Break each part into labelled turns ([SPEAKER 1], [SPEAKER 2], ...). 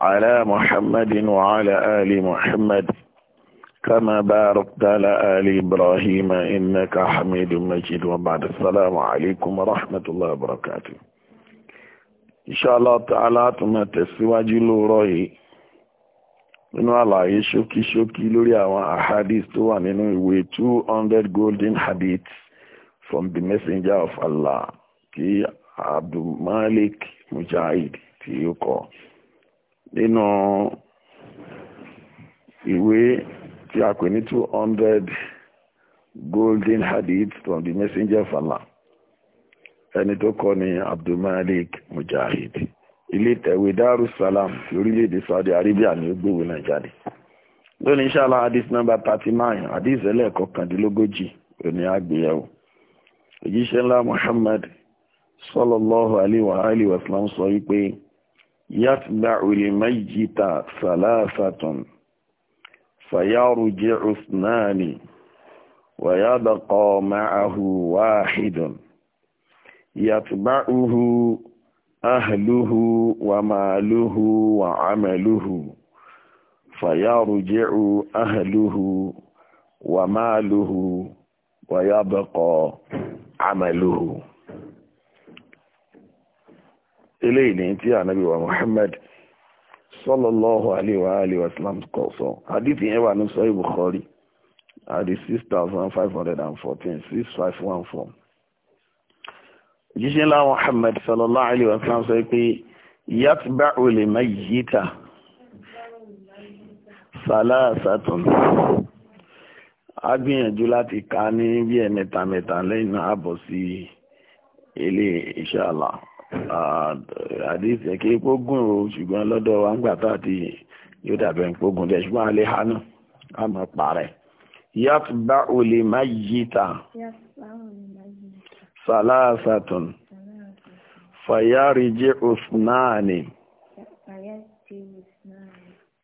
[SPEAKER 1] على محمد وعلى آل محمد كما باركت على آل إبراهيم إنك حميد مجيد وبعد السلام عليكم ورحمة الله وبركاته إن شاء الله تعالى ثم تسواجي لوري nínú الله يشوكي شوكي àwọn ahadith أحاديث توان nínú 200 golden hadiths from the messenger of Allah كي Abdul Malik Mujahid تيوكو ó nínú ìwé tí a pè ní two hundred golden hadith from the messenger of Allah ẹni tó kọ ni abdulmalik mujahid ilé tẹ̀wé darussalam ti orílẹ̀-èdè saudi arabia ni ó gbéwò náà jáde lónìí inshallah hadith number thirty nine hadith ẹlẹ́ẹ̀kọkàndínlógójì òní àgbéyẹ̀wò òjíṣẹ́ ńlá muhammad sallallahu alayhi wa alihi wa sallam sọ wípé. يتبع الميت ثلاثة فيرجع اثنان ويبقى معه واحد يتبعه أهله وماله وعمله فيرجع أهله وماله ويبقى عمله eléyìí ní tí ànábì wa Muhammad sallallahu alayhi wa alayhi wa sallam kọ sọ hadith yẹn wà ní sọ́yìn Bukhari hadith six thousand five hundred and fourteen six five one four jíṣẹ́ ńlá Muhammad sallallahu alayhi wa sallam sọ pé yatba'u limayyita salasatun a gbìyànjú láti ka ní bí ẹ̀ mẹ́ta mẹ́ta lẹ́yìn náà bọ̀ sí ilé inshallah àdìsí ah, ẹ̀kẹ́ pógùn o ṣùgbọ́n lọ́dọ̀ wa ń gbà tá àti yóò dàbẹ̀ pógùn dẹ̀ ṣùgbọ́n alẹ́ hánú àmọ́ parẹ́ yàtúbà olè má yí ta sàlásàtún fàyàrìjì òsùnáàni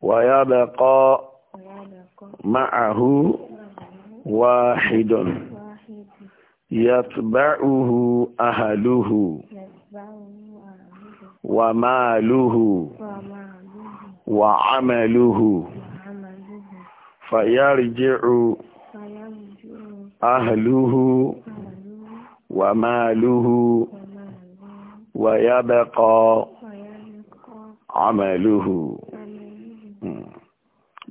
[SPEAKER 1] wàyàbẹ̀kọ́ máàhú wáhìdùn yàtúbà uhu ahàlúhù wà máa lúhù wà ámàlúhù fàyàrìjẹ́rù ahàlúhù wà máa lúhù wà yábẹ́kọ́ ámàlúhù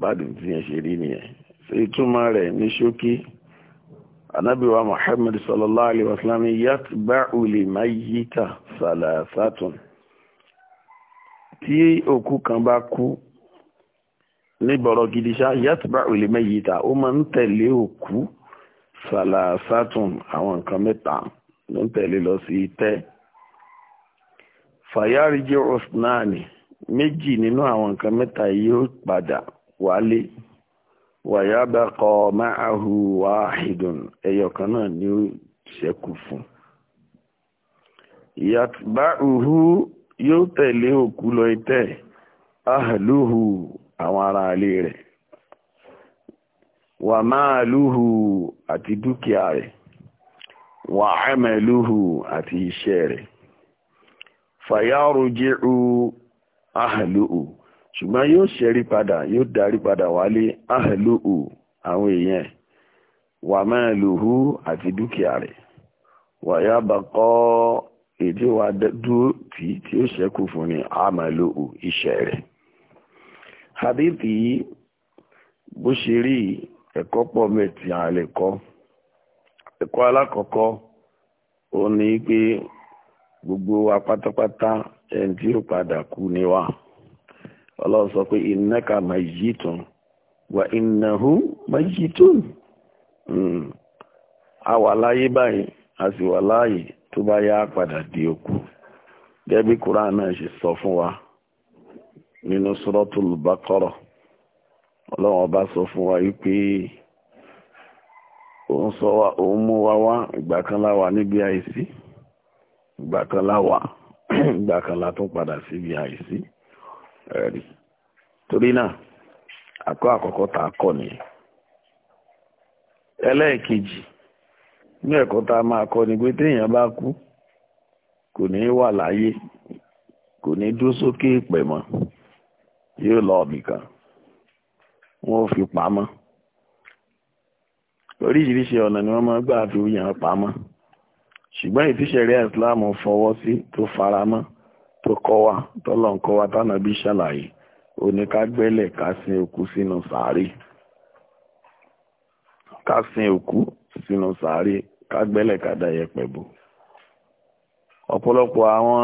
[SPEAKER 1] bádùn tí yẹn ṣe rí nìyẹn sí ìtumọ̀ rẹ̀ ní ṣókí muhammad sallallahu alaihi wasallam yàtbá'u lè máa tí òkú kan bá kú ní bọ̀rọ̀ gidi ṣá yàtúbà òlè mẹ́yìíta ó máa ń tẹ̀lé òkú sàlàsátùn àwọn nǹkan mẹ́ta ló ń tẹ̀lé lọ sí tẹ́ fàyàrìjì osnani méjì nínú àwọn nǹkan mẹ́ta yóò padà wálé wàyábẹ́kọ máàhù wàhídùn ẹyọ náà ni ó ṣẹ́kù fún yàtúbà òhù yóò tẹ̀lé òkú lọ itẹ́ ahàlúhù àwọn ará alé rẹ̀ wà máa lúhù àti dúkìá rẹ̀ wà ẹ̀mẹ̀lúhù àti iṣẹ́ rẹ̀ fàyárùjíhù ahàlúhù ṣùgbọ́n yóò ṣẹ́rí padà yóò darí padà wálé àwọn èèyàn wà máa lúhù àti dúkìá rẹ̀ wà yá bàkọ́ èdè wa dúró tí tí ó ṣẹ́kù fún ni àmàlò iṣẹ́ rẹ̀ hadithi yìí bó ṣe rí ẹ̀kọ́ pọ̀ mẹ́tì àlẹ́kọ́ ẹ̀kọ́ alákọ̀ọ́kọ́ ó gbogbo wa pátápátá ẹni tí ó padà kú ni wa ọlọ́run sọ pé hmm. a wà láyé a sì wà láàyè tó bá yá padà di òkú gẹ́bí Quran náà ṣe sọ fún wa nínú Suratul bakọrọ ọlọ́run ọba sọ fún wa wípé òun sọ wa òun mú wa wá ìgbà kan láwa níbi àìsí ìgbà kan láwa ìgbà kan padà síbi àìsí ẹ̀rí torí náà àkọ́ àkọ́kọ́ a kọ́ nìyẹn ẹlẹ́ẹ̀kejì ní ẹ̀kọ́ tá a máa kọ́ ni pé téèyàn bá kú kò ní wà láyé kò ní dúró sókè ìpẹ̀ mọ́ yóò lọ ọ̀bì kan wọ́n ò fi pamọ́ oríṣiríṣi ọ̀nà ni wọ́n máa gbà fi yàn pamọ́ ṣùgbọ́n ìfíṣẹ̀rẹ́ Islam fọwọ́ sí tó faramọ́ tó kọ́ wa tọ́lọ̀ ń kọ́ wa tánà bí ṣàlàyé oníkágbẹ́lẹ̀ ká sin òkú sínú sàárè ká sin òkú sínú sàárè ká gbẹ́lẹ̀ da yẹ̀pẹ̀ bò ọ̀pọ̀lọpọ̀ àwọn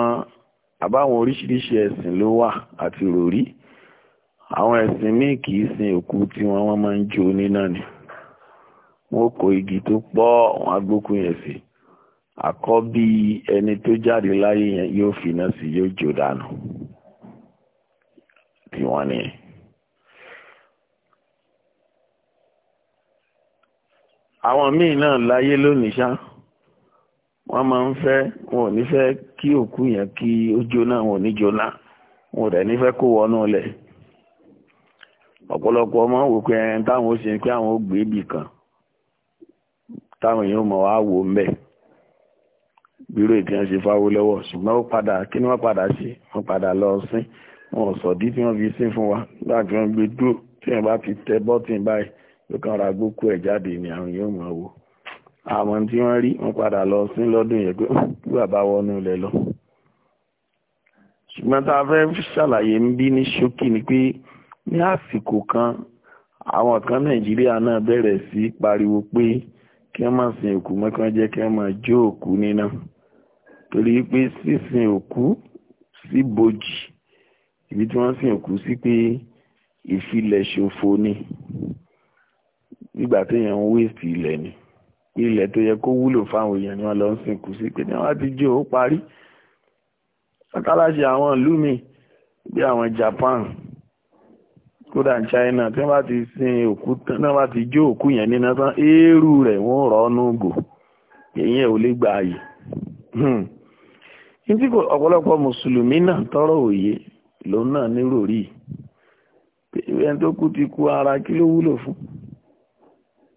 [SPEAKER 1] àbáwọn oríṣiríṣi ẹ̀sìn ló wà àti ròrí àwọn ẹ̀sìn míì kì sin òkú tí wọ́n wọ́n máa ń jó ni wọ́n igi tó pọ̀ wọ́n agbókun yẹn sí àkọ́bí ẹni tó jáde láyé yẹn yóò finá sí yóò jó dànù tí àwọn míì náà láyé lónìí ṣá wọ́n máa ń fẹ́ wọn ò ní fẹ́ kí òkú yẹn kí ó jóná wọn ò ní jóná wọn ò dẹ̀ ní fẹ́ kó wọnú lẹ̀ ọ̀pọ̀lọpọ̀ ọmọ wò pé ẹran táwọn ó ṣe pé àwọn ó gbé ibì kan táwọn èèyàn mọ̀ wá wò ń bẹ̀ bírò ìtìyàn ṣe fáwó lọ́wọ́ ṣùgbọ́n ó padà kí ni wọ́n padà ṣe wọ́n padà lọ sín wọn ò sọ̀dí tí wọ́n fi sín fún wa nígbà tí wọ́n gbé dúró tí wọ́n bá fi tẹ bọ́tìn báyìí ló kàn ra gbókù ẹ̀ jáde ni àwọn yóò máa wò àmọ́ tí wọ́n rí wọ́n padà lọ sí lọ́dún yẹn pé kí bàbá wọnú ilẹ̀ lọ ṣùgbọ́n tá a fẹ́ ṣàlàyé ń bí ní ṣókí ni pé ní àsìkò kan àwọn kan nàìjíríà náà bẹ̀rẹ̀ sí pariwo pé kí wọ́n máa sin òkú mọ́kàn jẹ́ kí wọ́n máa jó òkú níná torí pé sísin òkú sí bòjì ibi tí wọ́n sin òkú sí pé ìfilẹ̀ ṣòfò ni nígbà téèyàn ń wéèsì ilẹ̀ ni pé ilẹ̀ tó yẹ kó wúlò fáwọn èèyàn ni wọ́n lọ ń sìnkú sí pé ní wọ́n ti jó ó parí sátáláṣe àwọn ìlú mi bí àwọn Japan kódà China tí wọ́n bá ti sin òkú tán tí wọ́n bá ti jó òkú yẹn níná tán eérú rẹ̀ wọ́n rọ̀ ọ́nú gò èyí ò lè gba àyè hmm. ní tí ọ̀pọ̀lọpọ̀ mùsùlùmí náà tọrọ òye lòun náà nírò rí ẹni tó kú ti kú ara kí ló wúlò fún un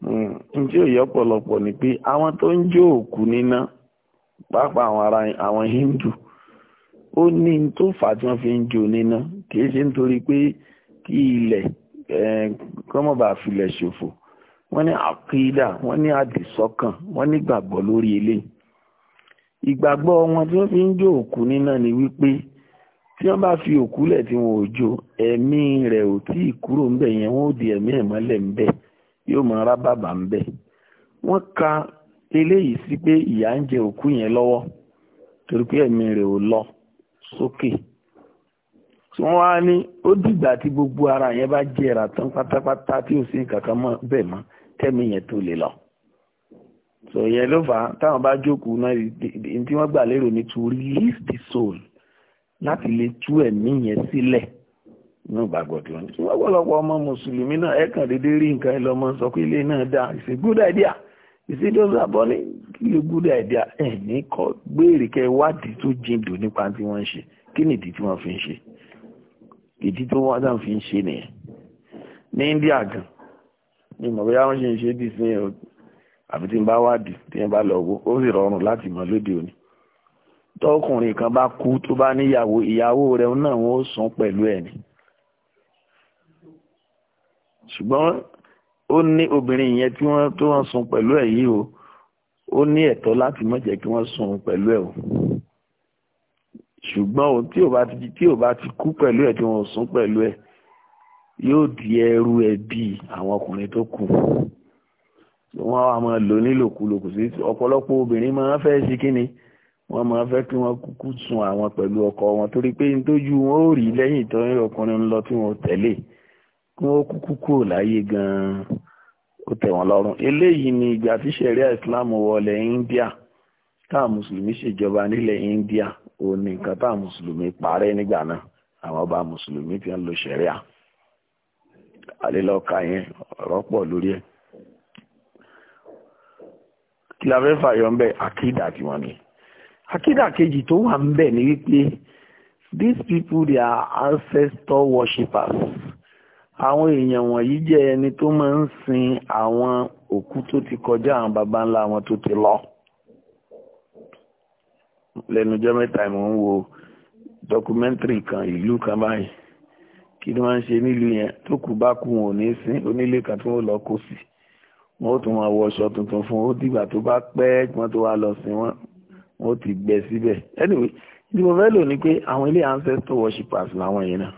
[SPEAKER 1] njẹ́ hmm. òye ọ̀pọ̀lọpọ̀ ni pé àwọn tó ń jó òkú níná pàápàá àwọn ará àwọn hindu ó ní tó fà tí wọ́n fi ń jó níná kìí ṣe nítorí pé kí ilẹ̀ kọ́mọ̀bà filẹ̀ ṣòfò wọ́n ní àkídà wọ́n ní àdìsọ́kàn wọ́n ní gbàgbọ́ lórí eléyìí ìgbàgbọ́ fi ń jó òkú ni wípé tí wọ́n bá fi òkú lẹ̀ tí wọ́n ò jó ẹ̀mí rẹ̀ ò kúrò ńbẹ̀ yóò máa rá bàbà ń bẹ̀ wọ́n ka eléyìí sí pé ìyá ń jẹ òkú yẹn lọ́wọ́ torí pé ẹ̀mí rẹ̀ ò lọ sókè tí wọ́n wá ní ó dìgbà tí gbogbo ara yẹn bá jẹrà tán pátápátá tí ò sí kankan mọ́ bẹ́ẹ̀ mọ́ tẹ́mi yẹn tó lè lọ so yẹn ló fà á táwọn bá jókòó náà tí wọ́n gbà lérò ní to release the soul láti lè tú ẹ̀mí yẹn sílẹ̀. Si inú ìgbàgbọ́ tí wọ́n ní. ṣùgbọ́n ọ̀pọ̀lọpọ̀ ọmọ mùsùlùmí náà ẹ̀ kàn déédéé rí nǹkan ìlọmọ sọ pé ilé náà dáa it's good idea ìsí tó sàbọ̀ ní kí good idea ẹ̀ ní kọ́ gbére kẹ́ wádìí tó jìndò nípa tí wọ́n ń ṣe kí ni ìdí tí wọ́n fi ń ṣe ìdí tó wọ́n dáhùn fi ń ṣe nìyẹn ní India gan ni mo bóyá wọ́n ṣe ń ṣe bí sí ẹ̀ àfi tí n bá wádìí tí n bá lọ wo ó sì rọrùn láti mọ̀ lóde òní tọkùnrin kan bá kú tó bá níyàwó ìyàwó rẹ̀ náà wọ́n ó sùn pẹ̀lú ẹ̀ ni ṣùgbọ́n ó ní obìnrin yẹn tí wọ́n tó wọ́n sùn pẹ̀lú ẹ̀ yìí o ó ní ẹ̀tọ́ láti má jẹ́ kí wọ́n sùn pẹ̀lú ẹ̀ o ṣùgbọ́n o tí ò bá ti tí ò bá ti kú pẹ̀lú ẹ̀ tí wọ́n sùn pẹ̀lú ẹ̀ yóò di ẹrú ẹbí àwọn ọkùnrin tó kù wọ́n á máa lò nílòkulò kò sí ọ̀pọ̀lọpọ̀ obìnrin máa ń fẹ́ ṣe kínni wọ́n máa ń fẹ́ kí wọ́n kúkú sun àwọn pẹ̀lú ọkọ wọn torí pé nítorí wọn ò rí lẹ́yìn tó ọkùnrin ń tí wọ́n tẹ̀lé kí wọ́n kúkú kúrò láyé gan-an ó tẹ̀ wọ́n lọ́rùn eléyìí ni ìgbà tí sẹ̀ríà islam wọlé india táà mùsùlùmí ṣèjọba nílẹ̀ india ó ní nǹkan táà mùsùlùmí parẹ́ nígbà náà àwọn ọba mùsùlùmí ti ń lo sẹ̀ríà àlélọ́ka yẹn ọ̀rọ̀ pọ̀ lórí ẹ̀ kí la fẹ́ fàyọ ń bẹ àkídà tí wọ́n ní àkídà kejì tó wà ń bẹ ni wípé these people they are ancestor worshippers àwọn èèyàn wọ̀nyí jẹ́ ẹni tó máa ń sin àwọn òkú tó ti kọjá àwọn baba ńlá wọn tó ti lọ lẹ́nujọ́ mẹ́ta mò ń wo dọkumẹ́ntìrì kan ìlú kan báyìí kí ni wọ́n ń ṣe nílùú yẹn tó kù bá kú wọn ò ní sin onílé kan tí wọ́n lọ kó sí wọn ó tún máa wọ ọṣọ tuntun fún ó dìgbà tó bá pẹ́ kí tó wá lọ sin wọn wọn ó ti gbẹ síbẹ̀ anyway ni mo fẹ́ lò ní pé àwọn ilé ancestor worshipers làwọn yẹn náà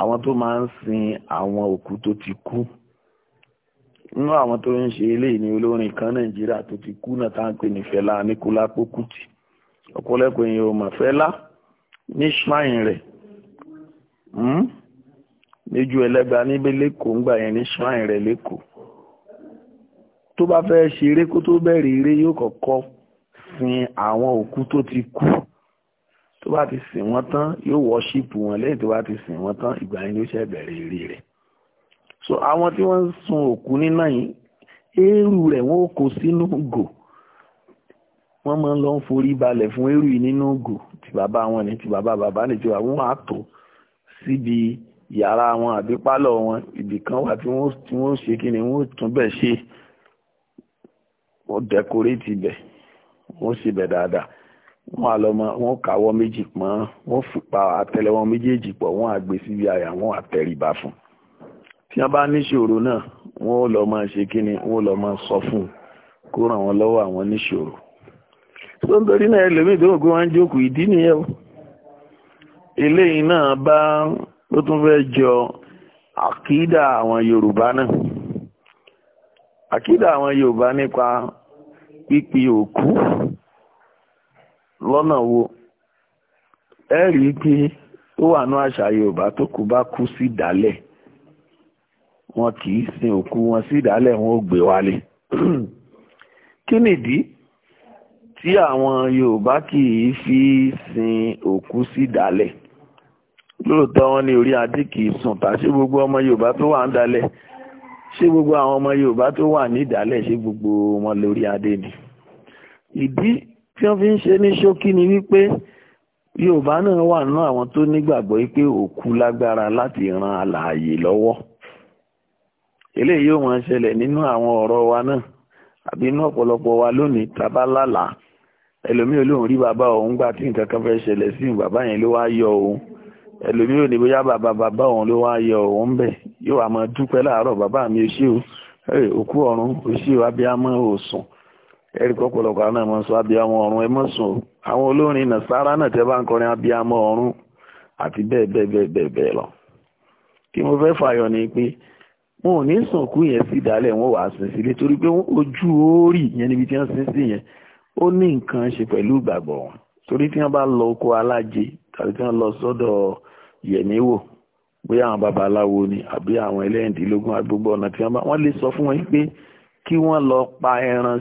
[SPEAKER 1] àwọn tó máa ń sin àwọn òkú tó ti kú nínú àwọn tó ń ṣe eléyìí ni olórin kan nàìjíríà tó ti kú náà tá à ń pè ní Fẹlá Aníkúlápó Kútì ọ̀pọ̀lọpọ̀ èèyàn ò mọ̀ Fẹlá ní shrine rẹ̀ hmm? níjú ẹlẹ́gbà níbi lẹ́kọ̀ọ́ ńgbà yẹn ní shrine rẹ̀ lẹ́kọ̀ọ́ tó bá fẹ́ ṣeré kó tó bẹ̀rẹ̀ eré yóò kọ́kọ́ sin àwọn òkú tó ti kú tó bá ti sìn wọ́n tán yóò wọ́ṣípù wọn lẹ́yìn tó bá ti sìn wọ́n tán ìgbà yẹn ló ṣe bẹ̀rẹ̀ eré rẹ̀ so àwọn tí wọ́n ń sun òkú nínà yìí eérú rẹ̀ wọ́n kó sínú gò wọ́n máa ń lọ forí balẹ̀ fún eérú yìí nínú gò tí bàbá wọn ni tí bàbá bàbá ni tí bàbá wọn á tò síbi yàrá wọn àbí pálọ̀ wọn ibì kan wà tí wọ́n ṣe kí ni wọ́n tún bẹ̀ ṣe wọ́n dẹkoréètì bẹ̀ wọ́n ṣe bẹ̀ dáadáa wọ́n á lọ mọ wọ́n kàwọ́ méjì pọ́n wọ́n fipá àtẹ́lẹwọ́ méjèèjì pọ̀ wọ́n á gbé síbi àyà wọ́n á tẹríba fún tí wọ́n bá níṣòro náà wọ́n ó lọ máa ṣe kíni wọ́n ó lọ máa sọ fún kó ràn wọ́n lọ́wọ́ àwọn níṣòro tó ń torí náà ẹlòmíì tó ń gbé wọn jókòó ìdí nìyẹn o eléyìí náà bá ó tún fẹ́ jọ àkídà àwọn Yorùbá náà àkídà àwọn Yorùbá nípa pípi òkú lọ́nà wo ẹ rí i pé ó wà ní àṣà yorùbá tó kù bá kú sí ìdálẹ̀ wọn kì í sin òkú wọn sí ìdálẹ̀ wọn ò gbé wálé kí nìdí tí àwọn yorùbá kì í fi sin òkú sí ìdálẹ̀ lóòótọ́ wọn ní orí adé kì í sùn ta ṣé gbogbo ọmọ yorùbá tó wà ń dalẹ̀ ṣé gbogbo àwọn ọmọ yorùbá tó wà ní ìdálẹ̀ ṣé gbogbo wọn lórí adé ni ìdí tí wọ́n fi ń ṣe ní ṣókí ni wípé yorùbá náà wà nínú àwọn tó nígbàgbọ́ wípé òkú lágbára láti ran alààyè lọ́wọ́ eléyìí yóò máa ṣẹlẹ̀ nínú àwọn ọ̀rọ̀ wa náà àbí inú ọ̀pọ̀lọpọ̀ wa lónìí tabalálà ẹlòmíì olóhùn rí bàbá òun gbà tí nǹkan kan fẹ́ ṣẹlẹ̀ sí bàbá yẹn ló wá yọ òun ẹlòmíì ò ní bóyá bàbá bàbá òun ló wá yọ òun bẹ̀ yóò wá máa dúpẹ́ láàárọ̀ bàbá mi ò ṣe o òkú ọ̀run ò ṣe o abiyamọ ò sùn ẹ̀rí kọ́pọ̀lọpọ̀ àwọn ẹ̀mọ́ sọ abiyamọ ọ̀run ẹ̀mọ́ sùn àwọn olórin nàṣàrà náà tẹ́ bá ń kọrin abiyamọ ọ̀run àti bẹ́ẹ̀ bẹ́ẹ̀ bẹ́ẹ̀ bẹ́ẹ̀ bẹ́ẹ̀ lọ. kí mo fẹ́ fàyọ ni pé wọn ò ní sànkú yẹn sí ìdálẹ̀ wọn wàá sin sílé torí pé ojú oórì yẹn níbi tí wọ́n sin sí yẹn ó ní nǹkan ṣe pẹ̀lú ìgbàgbọ́ wọn torí tí wọ́n bá lọ oko aláje tàbí tí wọ́n lọ sọ́dọ̀ yẹ̀míwò bóyá àwọn babaláwo ni àbí àwọn ẹlẹ́yìndínlógún àgbógbó ọ̀nà tí wọ́n bá wọ́n lè sọ fún wọn pé kí wọ́n lọ pa ẹran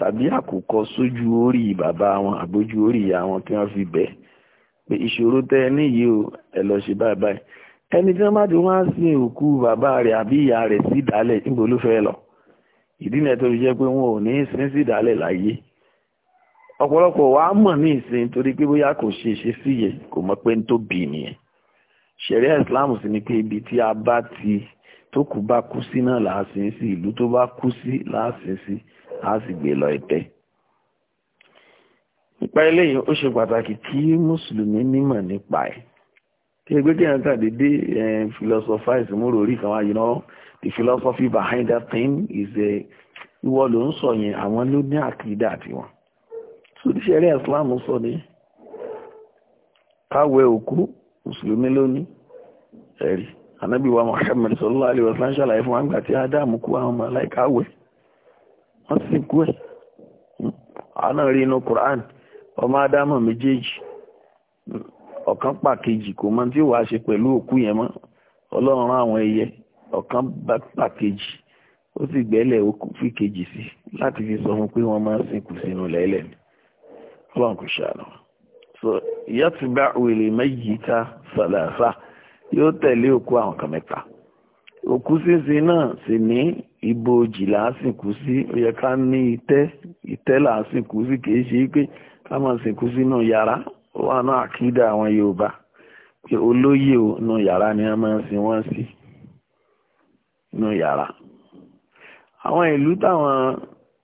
[SPEAKER 1] tàbí àkùkọ sójú orí bàbá wọn àbójú orí ìyá wọn kí wọ́n fi bẹ̀ pé ìṣòro tẹ́ ẹ níyìí o ẹ lọ ṣe báyìí báyìí ẹni tí wọ́n bá ti wá sin òkú bàbá rẹ̀ àbí ìyá rẹ̀ sí ìdálẹ̀ níbo ló fẹ́ lọ ìdí náà tó fi jẹ́ pé wọn ò ní sin sí ìdálẹ̀ láyé ọ̀pọ̀lọpọ̀ wa mọ̀ ní ìsìn torí pé bóyá kò ṣe ṣe sí yẹ kò mọ̀ pé ń tó bì nìyẹn ṣẹ̀ríà ìsìláàmù sì ni pé ibi tí a bá ti tó kù bá kú sí náà làásìn sí ìlú tó bá kú sí làásìn sí a sì gbé lọ ìtẹ́ nípa eléyìí ó ṣe pàtàkì kí mùsùlùmí nímọ̀ nípa ẹ̀ kí ẹgbẹ́ kí ẹ̀yàn tàbí dé philosophize mú rò rí kan wá you know the philosophy behind that thing is a ìwọ ló ń sọ yẹn àwọn ló ní àkìdá tiwọn sódíṣẹ́ rí islam sọ ní káwẹ òkú mùsùlùmí lónìí ẹ̀rí anábìwá muhammed sallallahu alaihi wasallam ṣàlàyé fún wa nígbà tí ádámù kú àwọn ọmọ aláìkáwẹ́ wọ́n sìnkú ẹ̀ àwọn náà rí inú Quran ọmọ Ádámọ̀ méjèèjì ọ̀kan pàkejì kò mọ tí wàá ṣe pẹ̀lú òkú yẹn mọ́ Ọlọ́run rán àwọn ẹyẹ ọ̀kan pàkejì ó sì gbẹ́lẹ̀ ó fi kejì sí láti fi sọ fún pé wọ́n máa ń sìnkú sínú lẹ́lẹ̀ ni Ọlọ́run kò ṣàánú so wèlé méjì sàlàsà yóò òkú sínsìn náà sì ní ibojì làásìnkú sí ó yẹ ká ní ìtẹ́ ìtẹ́ làásìnkú sí kì í ṣe pé ká máa sìnkú sínú yàrá ó wà náà àkídà àwọn Yorùbá pé olóyè o nu yàrá ni wọ́n máa ń sin wọ́n sí nu yàrá àwọn ìlú táwọn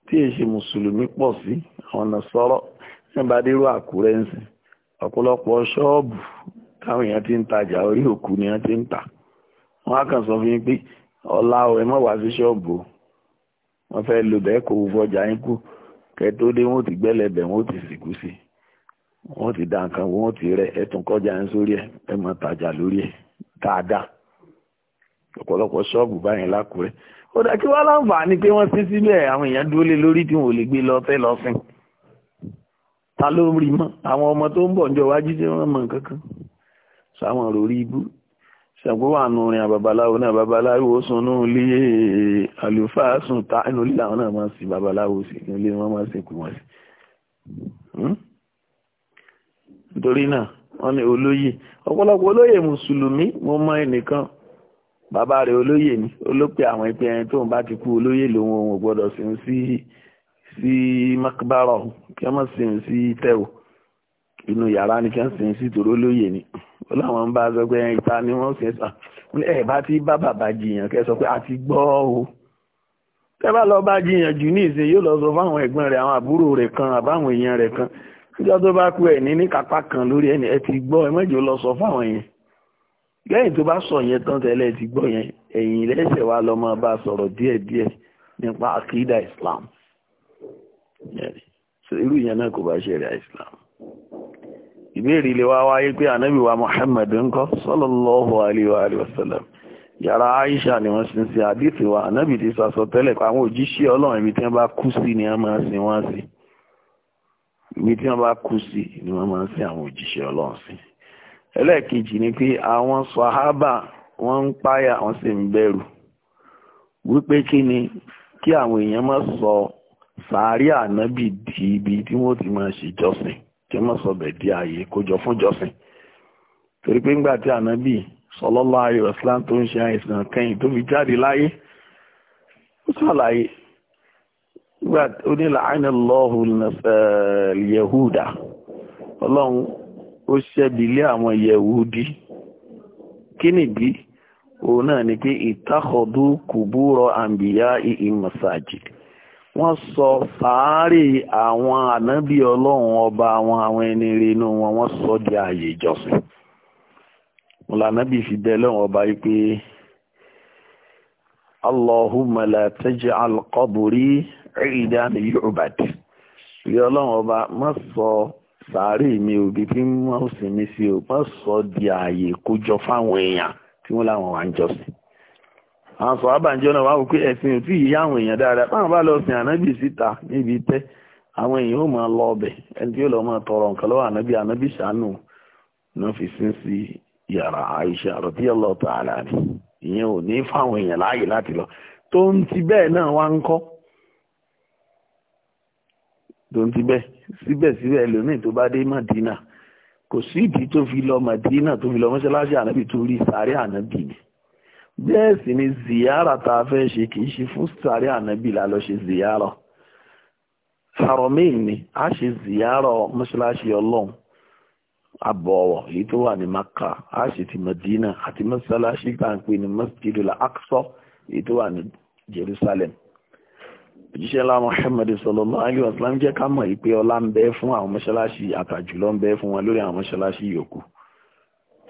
[SPEAKER 1] tí èsì mùsùlùmí pọ̀ sí àwọn nàṣọ́rọ̀ nígbà dérò Àkúrẹ́ ń ọ̀pọ̀lọpọ̀ ṣọ́ọ̀bù táwọn èèyàn ti ń tajà orí òkú ni wọ́n ti ń ta wọ́n á kàn sọ fún yín pé ọ̀la ọ̀ ẹ mọ̀ wá sí ṣọ́ọ̀bù wọ́n fẹ́ lo bẹ́ẹ̀ kó fọjà yín kú kẹ́ tó dé wọ́n ti gbẹ́lẹ̀bẹ̀ wọ́n ti sìnkú sí wọ́n ti dá nǹkan wọ́n ti rẹ̀ ẹ tún kọjá yín sórí ẹ̀ ẹ mọ̀ tàjà lórí ẹ̀ dáadáa ọ̀pọ̀lọpọ̀ ṣọ́ọ̀bù báyìí lákùrẹ́ ó dá kí wọ́n láǹfààní pé wọ́n sin síbẹ̀ àwọn èèyàn dúró lé lórí tí wọn lè gbé lọ fẹ́ lọ sin ta ló rí mọ́ àwọn ọmọ tó ń bọ̀ ń jọ wájú tí wọ́n mọ̀ nǹkan kan sáwọn rò rí ibú ṣàgbó wà nù rìn àbàbàláwo náà babaláwo sunú ilé àlùfáà sùn ta inú ilé àwọn náà máa ń sin babaláwo sí inú ilé wọn máa ń sìnkú wọn sí. Hmm? nítorí náà wọ́n ní olóyè ọ̀pọ̀lọpọ̀ olóyè mùsùlùmí mo mọ ẹnìkan bàbá rẹ̀ olóyè ni olópè àwọn ẹgbẹ́ ẹni tóun bá ti kú olóyè lòun òun gbọ́dọ̀ sìn sí sí makbaro kí wọ́n sì ń sí tẹ́wọ̀ inú yàrá ni kí wọ́n sì sí tòró olóyè ni ó láwọn ń bá a sọ pé ìta ni wọ́n fi sàn ẹ bá ti bá bàbá jiyàn kẹ́ sọ pé a ti gbọ́ o tẹ́ bá lọ bá jiyàn jù ní ìsìn yóò lọ sọ fáwọn ẹ̀gbọ́n rẹ̀ àwọn àbúrò rẹ̀ kan àbáwọn èèyàn rẹ̀ kan níjọ́ tó bá kú ẹ̀ ní ní kápá kan lórí ẹni ẹ ti gbọ́ ẹ mọ́jọ́ lọ sọ fáwọn yẹn lẹ́yìn tó bá sọ yẹn tán tẹ́lẹ̀ ti gbọ́ yẹn ẹ̀yìn lẹ́sẹ̀ wa lọ máa bá sọ̀rọ̀ díẹ̀díẹ̀ nípa akida Islam irú ìyẹn náà kò bá ṣẹ̀ríà Islam ìbéèrè ilé wa wáyé pé ànábì wa Muhammad ńkọ́ sallallahu wasallam yàrá Aisha ni wọ́n sin sí àdìsí wa ànábì ti sàsọ tẹ́lẹ̀ pé àwọn òjíṣẹ́ Ọlọ́run ibi tí wọ́n bá kú sí ni wọ́n máa sin wọ́n sí ibi tí wọ́n bá kú sí ni wọ́n máa sin àwọn òjíṣẹ́ Ọlọ́run sí ẹlẹ́ẹ̀kejì ni pé àwọn sàhábà wọ́n ń páyà wọ́n sì ń bẹ̀rù wípé kí ni kí àwọn èèyàn má sọ sàárì ànábì di ibi tí wọ́n ti máa ṣèjọsìn kí mọ̀ sọ̀bẹ̀ di ààyè kójọ fún jọ́sìn torí pé ńgbà tí ànábì sallallahu alaihi wasallam tó ń ṣe àìsàn kẹ́yìn tó fi jáde láyé ó ṣàlàyé nígbà ó ní la'ana Allahu al-yahuda ọlọ́run ó ṣẹ́bi lé àwọn yẹ̀wúdí kí nìdí òun náà ni pé ittakhadu qubura anbiya'i masajid wọ́n sọ fàárì àwọn ànábì ọlọ́run ọba àwọn àwọn ẹni rẹ̀ inú wọn wọ́n sọ di ààyè ìjọsìn mùlànàbì fi lọ́wọ́ ọba yìí pé allahumma la taj'al ni yorùbá yu'bad rí ọlọ́run ọba sọ mi òbí tí wọ́n sì mí di ààyè kójọ fáwọn èèyàn tí àwọn abanje abànjọ náà wà wò pé ẹ̀sìn ò tí àwọn èèyàn dáadáa báwọn bá lọ sin ànábì síta níbi tẹ àwọn èèyàn ò máa lọ ọbẹ̀ ẹni tí ó lọ máa tọrọ nǹkan lọ́wọ́ ànábì fi sin sí yàrá lọ tó ń ti bẹ́ẹ̀ náà wá ń kọ́ tó ń ti bẹ́ẹ̀ síbẹ̀síbẹ̀ tó bá dé kò sí ìdí tó fi lọ madina tó fi lọ mọ́ṣáláṣí ànábì sàárẹ̀ ànábì bẹ́ẹ̀ sì ni ziyara tá a fẹ́ ṣe kìí ṣe fún ànábì ṣe ziyara haromain ni a ṣe ziyara mọ́ṣáláṣí ọlọ́run abọ̀wọ̀ èyí tó a ṣe ti madina àti mọ́ṣáláṣí tá à ní aqsa èyí wà ní jerusalem òjíṣẹ́ ńlá muhammed wa jẹ́ ká mọ̀ ìpè ọlá ń fún àwọn mọ́ṣáláṣí àtàjùlọ ń fún wọn lórí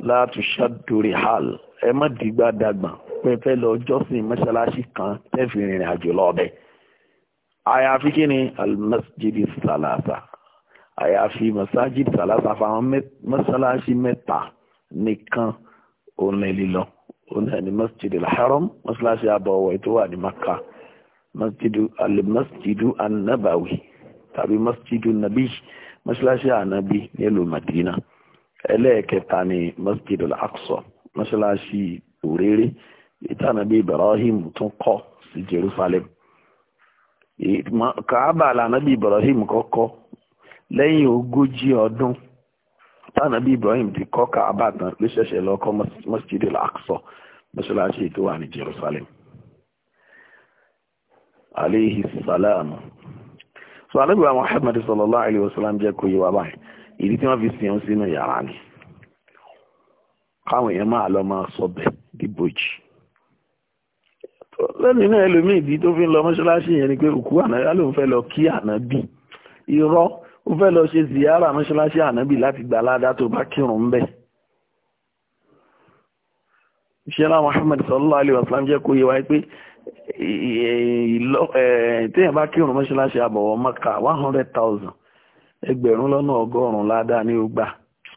[SPEAKER 1] láti ṣàdúrè hàl ẹ má dìgbà dàgbà pẹpẹ lọ jọ́sìn mọ́ṣáláṣí kan tẹfì rìnrìn àjò lọbẹ àyàfi kí ni almasjidi salasa àyàfi masajid salasa fáwọn mọ́ṣáláṣí mẹ́ta nìkan òun lílọ òun náà ni masjidi alharam mọ́ṣáláṣí àbọ̀wọ̀ ètò wà ní maka masjidu almasjidu annabawi tàbí masjidu nabi mọ́ṣáláṣí ànábì nílùú madina ẹlẹ́ẹ̀kẹta ni masjid al-aqsa mọ́ṣáláṣí òréré ìtànàbí ibrahim tún kọ́ sí jerusalem kaaba lànàbí ibrahim kọ́kọ́ lẹ́yìn ogójì ọdún tànàbí ibrahim ti kọ́ kaaba tán ló ṣẹ̀ṣẹ̀ lọ kọ́ masjid al-aqsa mọ́ṣáláṣí tó wà ní jerusalem aleyhi salaam so anabi wa muhammad sallallahu alayhi wa sallam jẹ́ kó yé báyìí ìdí tí wọ́n fi sìn ọ́n sínú yàrá ni káwọn èèyàn máa lọ máa sọ bẹ́ẹ̀ dìbòjì lónìí náà ẹlòmíì ìdí tó fi ń lọ mọ́ṣáláṣí yẹn ni pé òkú ànábì ló ń fẹ́ lọ kí ànábì irọ́ ó fẹ́ lọ ṣe ziyara mọ́ṣáláṣí ànábì láti gbà ládàá tó bá kírun bẹ́ẹ̀. ìṣẹ́lá Muhammad sallallahu alayhi wa jẹ́ kó yé wa pé téèyàn bá kírun mọ́ṣáláṣí àbọ̀wọ̀ Mẹ́kà one hundred thousand ẹgbẹ̀rún lọ́nà ọgọ́rùn-ún ládàá ní ó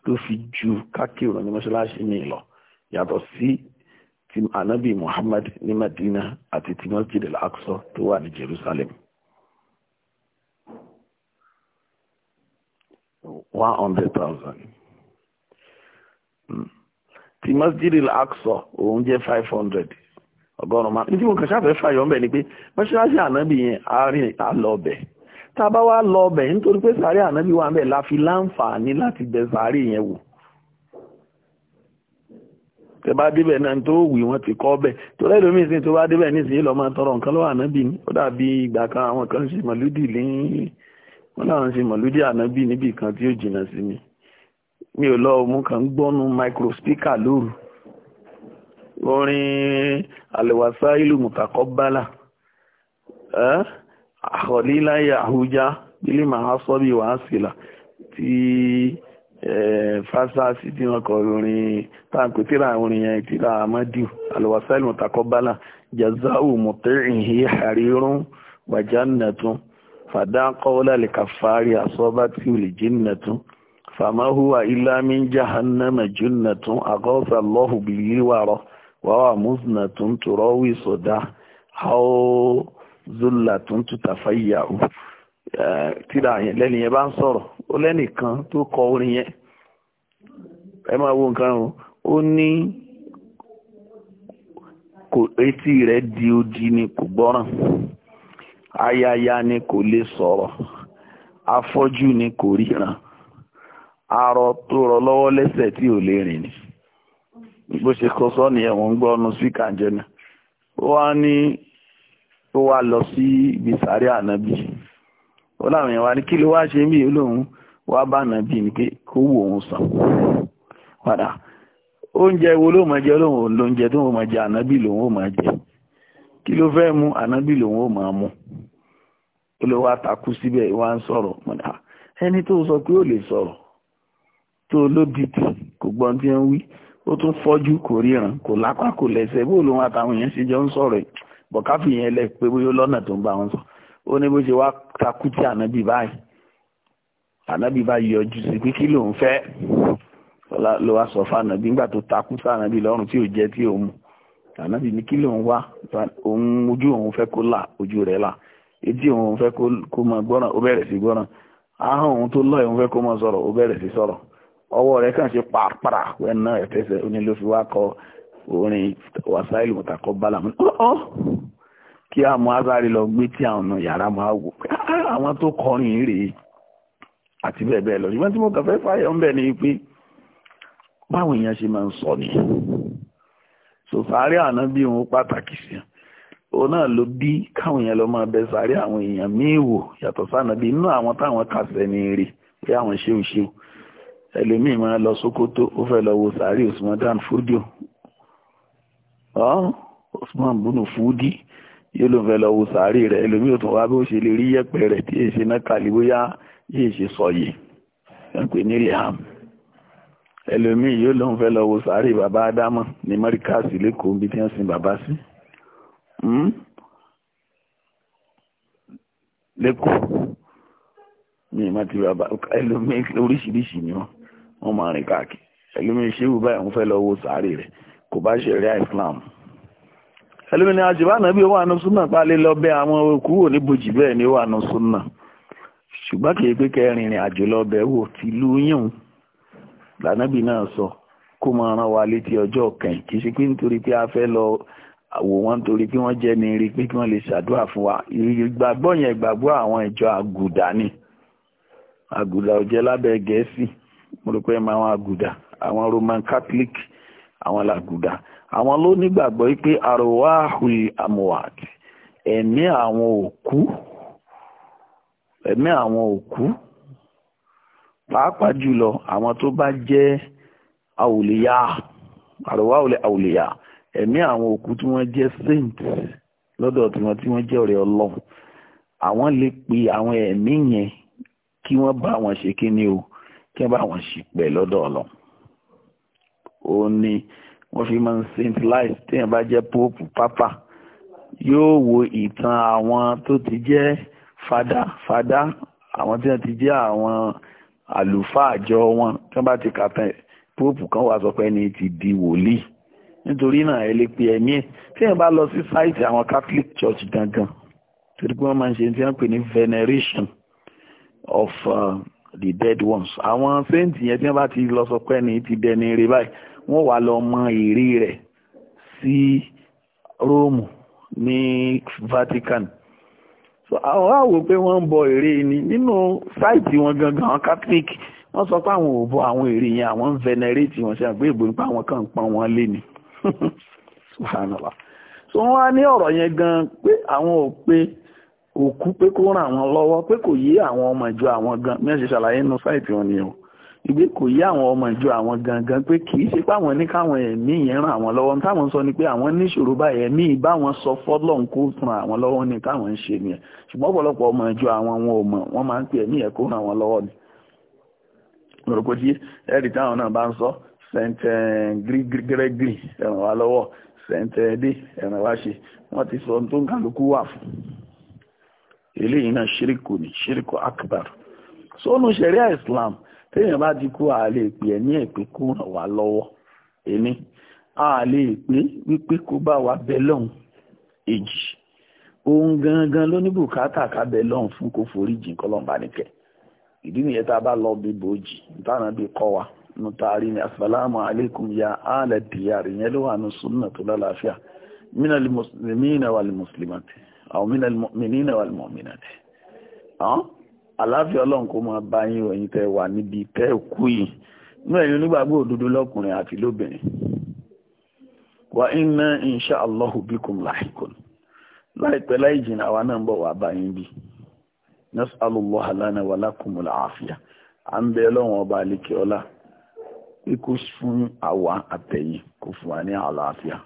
[SPEAKER 1] tó ju kákìrún ní mọ́ṣáláṣí mi lọ yàtọ̀ sí ti anabi muhammad ní madina àti ti tó wà jerusalem. one hundred thousand hmm. òun five hundred ún máa ní tí mo kàn ṣáfẹ́ fàyọ̀ ń anabi yẹn àárín àlọ́ọ̀bẹ̀. tábá wa lọ ọbẹ̀ nítorí pé sàárè ànábì wà ńbẹ̀ la fi láǹfààní láti bẹ̀ sàárè yẹn wò tẹ bá débẹ̀ náà tó wì wọ́n ti kọ́ bẹ̀ tó lẹ́dọ̀ mí sin tó bá débẹ̀ nísìnyí lọ́ọ́ máa tọrọ nǹkan lọ́wọ́ ànábì ni ó dàbí ìgbà kan àwọn kan ṣe mọ̀lúdì lẹ́yìn wọn làwọn ṣe mọ̀lúdì ànábì níbì kan tí ó jìnnà sí mi mi ò lọ mú kàn gbọ́nu micro speaker lóru orin àlèwàsá ìlú mùtàkọ́bálà ẹ́ àkọ̀lílá yahuja bílí màá sọ́bí wàá sílà tí fásitì tí wọ́n kọ orin táǹkù tíra orin yẹn tíra amadiu alwasailu mutakobala jazau muti'ihi harirun wajannatun fàdá kọ́wọ́lá lè kàfàárí àsọ́bá tí ò lè jinnatun fàmáhùwà ìlàmí jahannama junnatun àgọ́sà lọ́hùbìlì wàrọ̀ wàwà muznatun tùrọ́wì sọ̀dá zola tó ń tuta fàyàwó tíra yẹn lẹ́nu yẹn bá ń sọ̀rọ̀ ó lẹ́nìkan tó kọ orin yẹn ẹ máa wo nǹkan o ó ní kò etí rẹ̀ di odi ni kò gbọ́ràn ayaya ni kò lè sọ̀rọ̀ afọ́jú ni kò ríran arọ tó rọ lọ́wọ́ lẹ́sẹ̀ tí ò lè rìn ni bó ṣe kọ sọ nìyẹn ń gbọ́ ọ́nù sí kàǹjẹ́ náà wọ́n á ní ó wá lọ sí ibi sàárè ó láwọn èèyàn wá ní kí ló wá ṣe mí olóhun wá bá ànábì ní pé kó wò sàn padà oúnjẹ wo ló máa jẹ tó máa jẹ ànábì lòun ó máa jẹ kí ló fẹ́ mú ànábì lòun ó máa ó wá takú síbẹ̀ wá ń sọ̀rọ̀ ẹni tó sọ pé ó lè sọ̀rọ̀ tó kò gbọ́n tí ń wí ó tún fọ́jú kò ríran kò lápá kò lẹ́sẹ̀ bó lòun àtàwọn èèyàn ṣe jọ ń sọ̀rọ̀ yìí bọ̀ ká fi yẹn lẹ pé bóyá lọ́nà tó ń bá wọn sọ ó ní bó ṣe wá takú tí ànábì báyìí ànábì bá yọjú sí pé kí lòun fẹ́ ló wá sọ fànàbí nígbà tó takú sànàbí lọ́rùn tí ò jẹ́ tí òun mu ànábì ní kí lòun wá òun ojú òun fẹ́ kó là ojú rẹ̀ là etí òun fẹ́ kó mọ gbọ́ràn ó bẹ̀rẹ̀ sí gbọ́ràn ahọ́n òun tó lọ́ọ̀ òun fẹ́ kó mọ sọ̀rọ̀ ó bẹ̀rẹ̀ sí sọ̀rọ̀ ọwọ́ rẹ̀ kàn ṣe pàápàá wẹ́n náà ẹ̀fẹ́sẹ̀ onílò fi wá kọ orin wasaili mutakọ bala mu ọ́ kí a mú azari lọ gbé tí àwọn ọ̀nà yàrá máa wò pé ah, ah, àwọn tó kọrin rèé àti bẹ́ẹ̀ bẹ́ẹ̀ lọ ṣùgbọ́n tí mo kàn fàyọ̀ ń bẹ̀ ni pé báwọn èèyàn ṣe máa ń sọ ni sòsàárì àná bí òun pàtàkì sí òun náà ló bí káwọn èèyàn lọ máa bẹ sàárì àwọn èèyàn míì wò yàtọ̀ sáànà bí inú àwọn táwọn kàṣẹ ní rí pé àwọn ṣéuṣéu ẹlòmíì máa lọ Sókótó ó fẹ́ lọ wo sàárì Usman Dan Usman bunu fúdí yóò ló fẹ́ lọ wo sàárì rẹ̀ ẹlòmíì tún wá bí ó ṣe lè rí yẹ̀pẹ̀ rẹ̀ tí èṣe náà kàlí bóyá yìí ṣe sọ̀yè ẹ̀ ń pè ní leham ẹlòmíì yóò ló ń fẹ́ lọ wo sàárì bàbá ádámọ̀ ní mẹ́ríkàsì lẹ́kọ̀ọ́ níbi tí wọ́n sin bàbá sí hmm? lẹ́kọ̀ọ́ ní ìmọ̀ tí bàbá ẹlòmíì oríṣiríṣi ni wọ́n máa rìn káàkiri ẹlòmíì ṣéwù báyìí ń fẹ́ lọ wo sàárì rẹ̀ kò bá ṣẹ̀ríà Islam ẹlẹ́mi ni àjìbá nàbí wà nù súnà pálí lọ bẹ́ àwọn òkú wò ní bòjì bẹ́ẹ̀ ni wà nù súnà ṣùgbọ́n kì í pé kẹrin ìrìn àjò lọ bẹ́ẹ̀ wò tìlú yín lànàbì náà sọ kó máa rán wa létí ọjọ́ kẹ̀yìn kì í ṣe pé nítorí pé a fẹ́ lọ wò wọ́n nítorí pé wọ́n jẹ́ ni rí pé kí wọ́n lè ṣàdúrà fún wa ìgbàgbọ́ yẹn ìgbàgbọ́ àwọn ìjọ àgùdà ni àgùdà ò jẹ́ lábẹ́ gẹ̀ẹ́sì mo rò pé máa wọn àgùdà àwọn Roman Catholic àwọn làgùdà àwọn ló nígbàgbọ́ pé arwahul amwat ẹ̀mí àwọn òkú ẹ̀mí àwọn òkú pàápàá jùlọ àwọn tó bá jẹ́ àwòlíyá arwahul àwòlíyá ẹ̀mí àwọn òkú tí wọ́n jẹ́ saint lọ́dọ̀ tí wọ́n tí wọ́n jẹ́ ọ̀rẹ́ ọlọ́run àwọn lè pe àwọn ẹ̀mí yẹn kí wọ́n bá wọn ṣe kí ni o kí wọ́n bá wọn ṣìpẹ̀ lọ́dọ̀ ọlọ́run òun ni wọ́n fi mọ̀ st louis téèyàn bá jẹ́ pope papa yóò wo ìtàn àwọn tó ti jẹ́ fada fada àwọn tí wọ́n ti jẹ́ àwọn àlùfáà àjọ wọn tí wọ́n bá ti kàtàn pope kan wà sọ pé ẹni tí di wòlíì nítorí náà ẹ lè pe ẹ̀mí ẹ̀ téèyàn bá lọ sí sáìtì àwọn catholic church gangan torí pé wọ́n máa ń ṣe tí wọ́n pè ní veneration of uh, the dead ones àwọn saint yẹn tí wọ́n bá ti lọ sọ pé ẹni tí dẹni rè báyìí wọ́n wà lọ mọ èrè rẹ̀ sí róòmù ní Vatican so àwọn àwò pé wọ́n ń bọ èrè ni nínú sáìtì wọn gangan àwọn Catholic wọ́n sọ pé àwọn ò bọ àwọn èrè yẹn àwọn ń venerate wọn ṣe àgbé ìgbò nípa àwọn kan ń pọn wọn lé ni subhanallah so wọ́n á ní ọ̀rọ̀ yẹn gan pé àwọn ò pé òkú pé kó ràn àwọn lọ́wọ́ pé kò yé àwọn ọmọ ìjọ àwọn gan mẹ́sẹ̀ ṣàlàyé nínú sáìtì wọn nìyẹn o ìgbé kò yí àwọn ọmọ ìjọ àwọn gangan pé kì í ṣe pé àwọn ní káwọn ẹ̀mí yẹn ràn àwọn lọ́wọ́ táwọn sọ ni pé àwọn níṣòro báyìí ẹ̀mí báwọn sọ fọ́lọ́n kó ràn àwọn lọ́wọ́ ni káwọn ń ṣe nìyẹn ṣùgbọ́n ọ̀pọ̀lọpọ̀ ọmọ ìjọ àwọn wọn ò mọ̀ wọ́n máa ń pè ẹ̀mí yẹn kó àwọn lọ́wọ́ ni. òròkó tí ẹ̀rì táwọn náà bá ń sọ eh, gregory wá lọ́wọ́ eh, ti sọ Islam téèyàn bá ti kú a lè pè ẹ́ ní ẹ̀pẹ́ kó ràn wá lọ́wọ́ ẹni a lè pè wípé kó bá wa bẹ lọ́hùn èjì ohun gangan ló ní bùkátà ká bẹ lọ́hùn fún kó forí jìn kọ́lọ́mbà nìkẹ́ ìdí nìyẹn tá a bá lọ bí bòójì táwọn àbí kọ́ wa nùtàrí ni asàlámù alaykum ya alẹ́ dìyàrí yẹn ló wà ní súnà tó lálàáfíà mínàlì mùsùlùmí wà ní mùsùlùmí àti àwọn mínàlì mùmí náà wà ní mùmí náà àlàáfíà ọlọ́run máa bá yín ẹ̀yin tẹ́ wà níbi tẹ́ kú yìí inú ẹ̀yin onígbàgbọ́ òdodo lọ́kùnrin àti lóbìnrin wa inna insha Allahu bikum lahiqun láìpẹ́ láì jìnnà àwa náà ń bọ̀ wá bá yín bí nas'alullaha lana wa lakumul à ń bẹ ọlọ́run ọba àlekè ọlá pé kó fún àwa àtẹ̀yìn fún wa ní àlàáfíà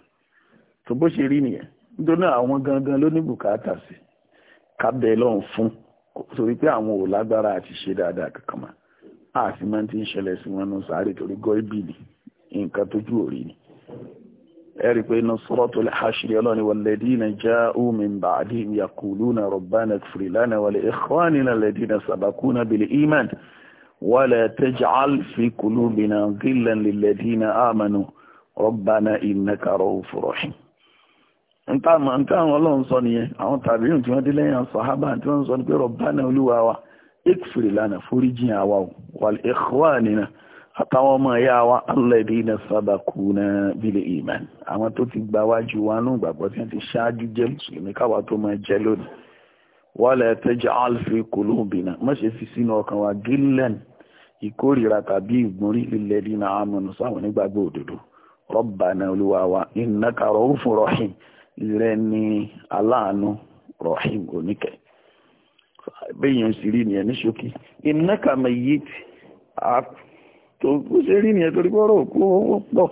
[SPEAKER 1] tó bó ṣe rí nìyẹn nítorí àwọn gangan sí ká bẹ ọlọ́run fún torí pé àwọn ò lágbára àti ṣe dáadáa kankan mọ́ a sì máa ti ń ṣẹlẹ̀ sí wọn nù sáré torí gọ́ ìbìlì nǹkan tójú òrí ni ẹ rí i pé inú suratul hashri ọlọ́ni walladina ja'u min ba'dihim yaquluna rabbana ighfir lana wa li ikhwanina alladina sabaquna bil iman wala taj'al fi qulubina ghillan lilladina amanu rabbana innaka ra'ufur rahim ntáàmù ntáàmù ọlọ́run sọ nìyẹn àwọn tàbíyùn tí wọ́n dé lẹ́yìn àwọn sàhábà tí wọ́n sọ ní pé rọ̀bánà olúwa wa ekfiri lánàá foríjìn àwa o wàl ikhwanina àtàwọn ọmọ ẹ̀yà wa alladina sabakuna bil iman àwọn tó ti gba wájú wa nù gbàgbọ́ tí wọ́n ti ṣáájú jẹ́ mùsùlùmí káwa tó máa jẹ́ lónìí wala taj'al fi qulubina má fi sínú ọkàn wa gílẹ̀n ìkórìíra tàbí ìgbónrí lílẹ̀ dínà àmọ́nù sáwọn onígbàgbọ́ òdodo rọ̀bánà olúwa wa innaka ra'ufur ìrẹ ni aláàánú rahim oníkẹ bẹyàn sì rí nìyẹn ní ṣókí iná kàmẹ yìí ti tó kú ṣe rí nìyẹn torí gbọ́rọ̀ òkú owó pọ̀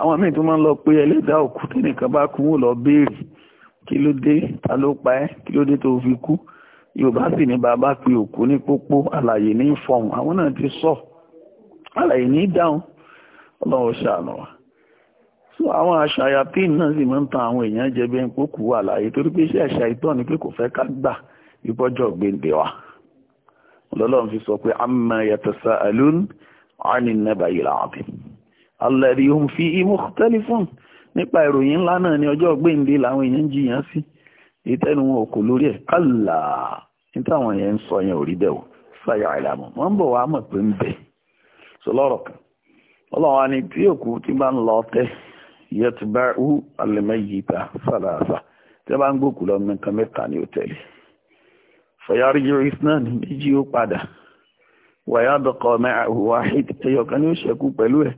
[SPEAKER 1] àwọn míì tó máa ń lọ pé ẹlẹ́dàá òkú tẹ́nìkan bá kú wọn lọ béèrè kí ló dé ta ló pa ẹ́ kí ló dé tó fi kú yorùbá sì ní bàbá pe òkú ní pópó àlàyé ní fọhùn àwọn náà ti sọ àlàyé ní dáhùn ọlọ́run ṣàánú wa so àwọn àṣàyàtìn náà sì máa ń tan àwọn èèyàn jẹ bí ẹnpọ kù wà láàyè torí pé iṣẹ́ àṣà ìtọ́ ni pé kò fẹ́ ká gbà ìbọ́jọ́ gbèǹdé wa ọlọ́run fi sọ pé amma yatasa'alun 'ani an-naba'il 'azim alladhi hum fihi mukhtalifun nípa ìròyìn ńlá náà ni ọjọ́ gbèǹdé làwọn èèyàn jiyàn sí ìtẹ́nu wọn kò lórí ẹ̀ kálà ní yẹn ń sọ yẹn ò rí bẹ́ẹ̀ o sáyà ìlànà wọ́n ń bọ̀ wá mọ̀ pé ń bẹ̀ sọlọ́rọ̀ kan ọlọ́run á tí òkú tí bá ń lọ tẹ́ yẹtùbáwú alẹ́mẹ́yìíta sàlàsà tí wọ́n bá ń gbòkú lọ nǹkan mẹ́ta ní òtẹ́ẹ̀lì fọyáríjì isnan méjì ó padà wàyà dọ̀kọ̀ mẹ́àhù wáhid ẹyọkan ní ó ṣẹ́kù pẹ̀lú ẹ̀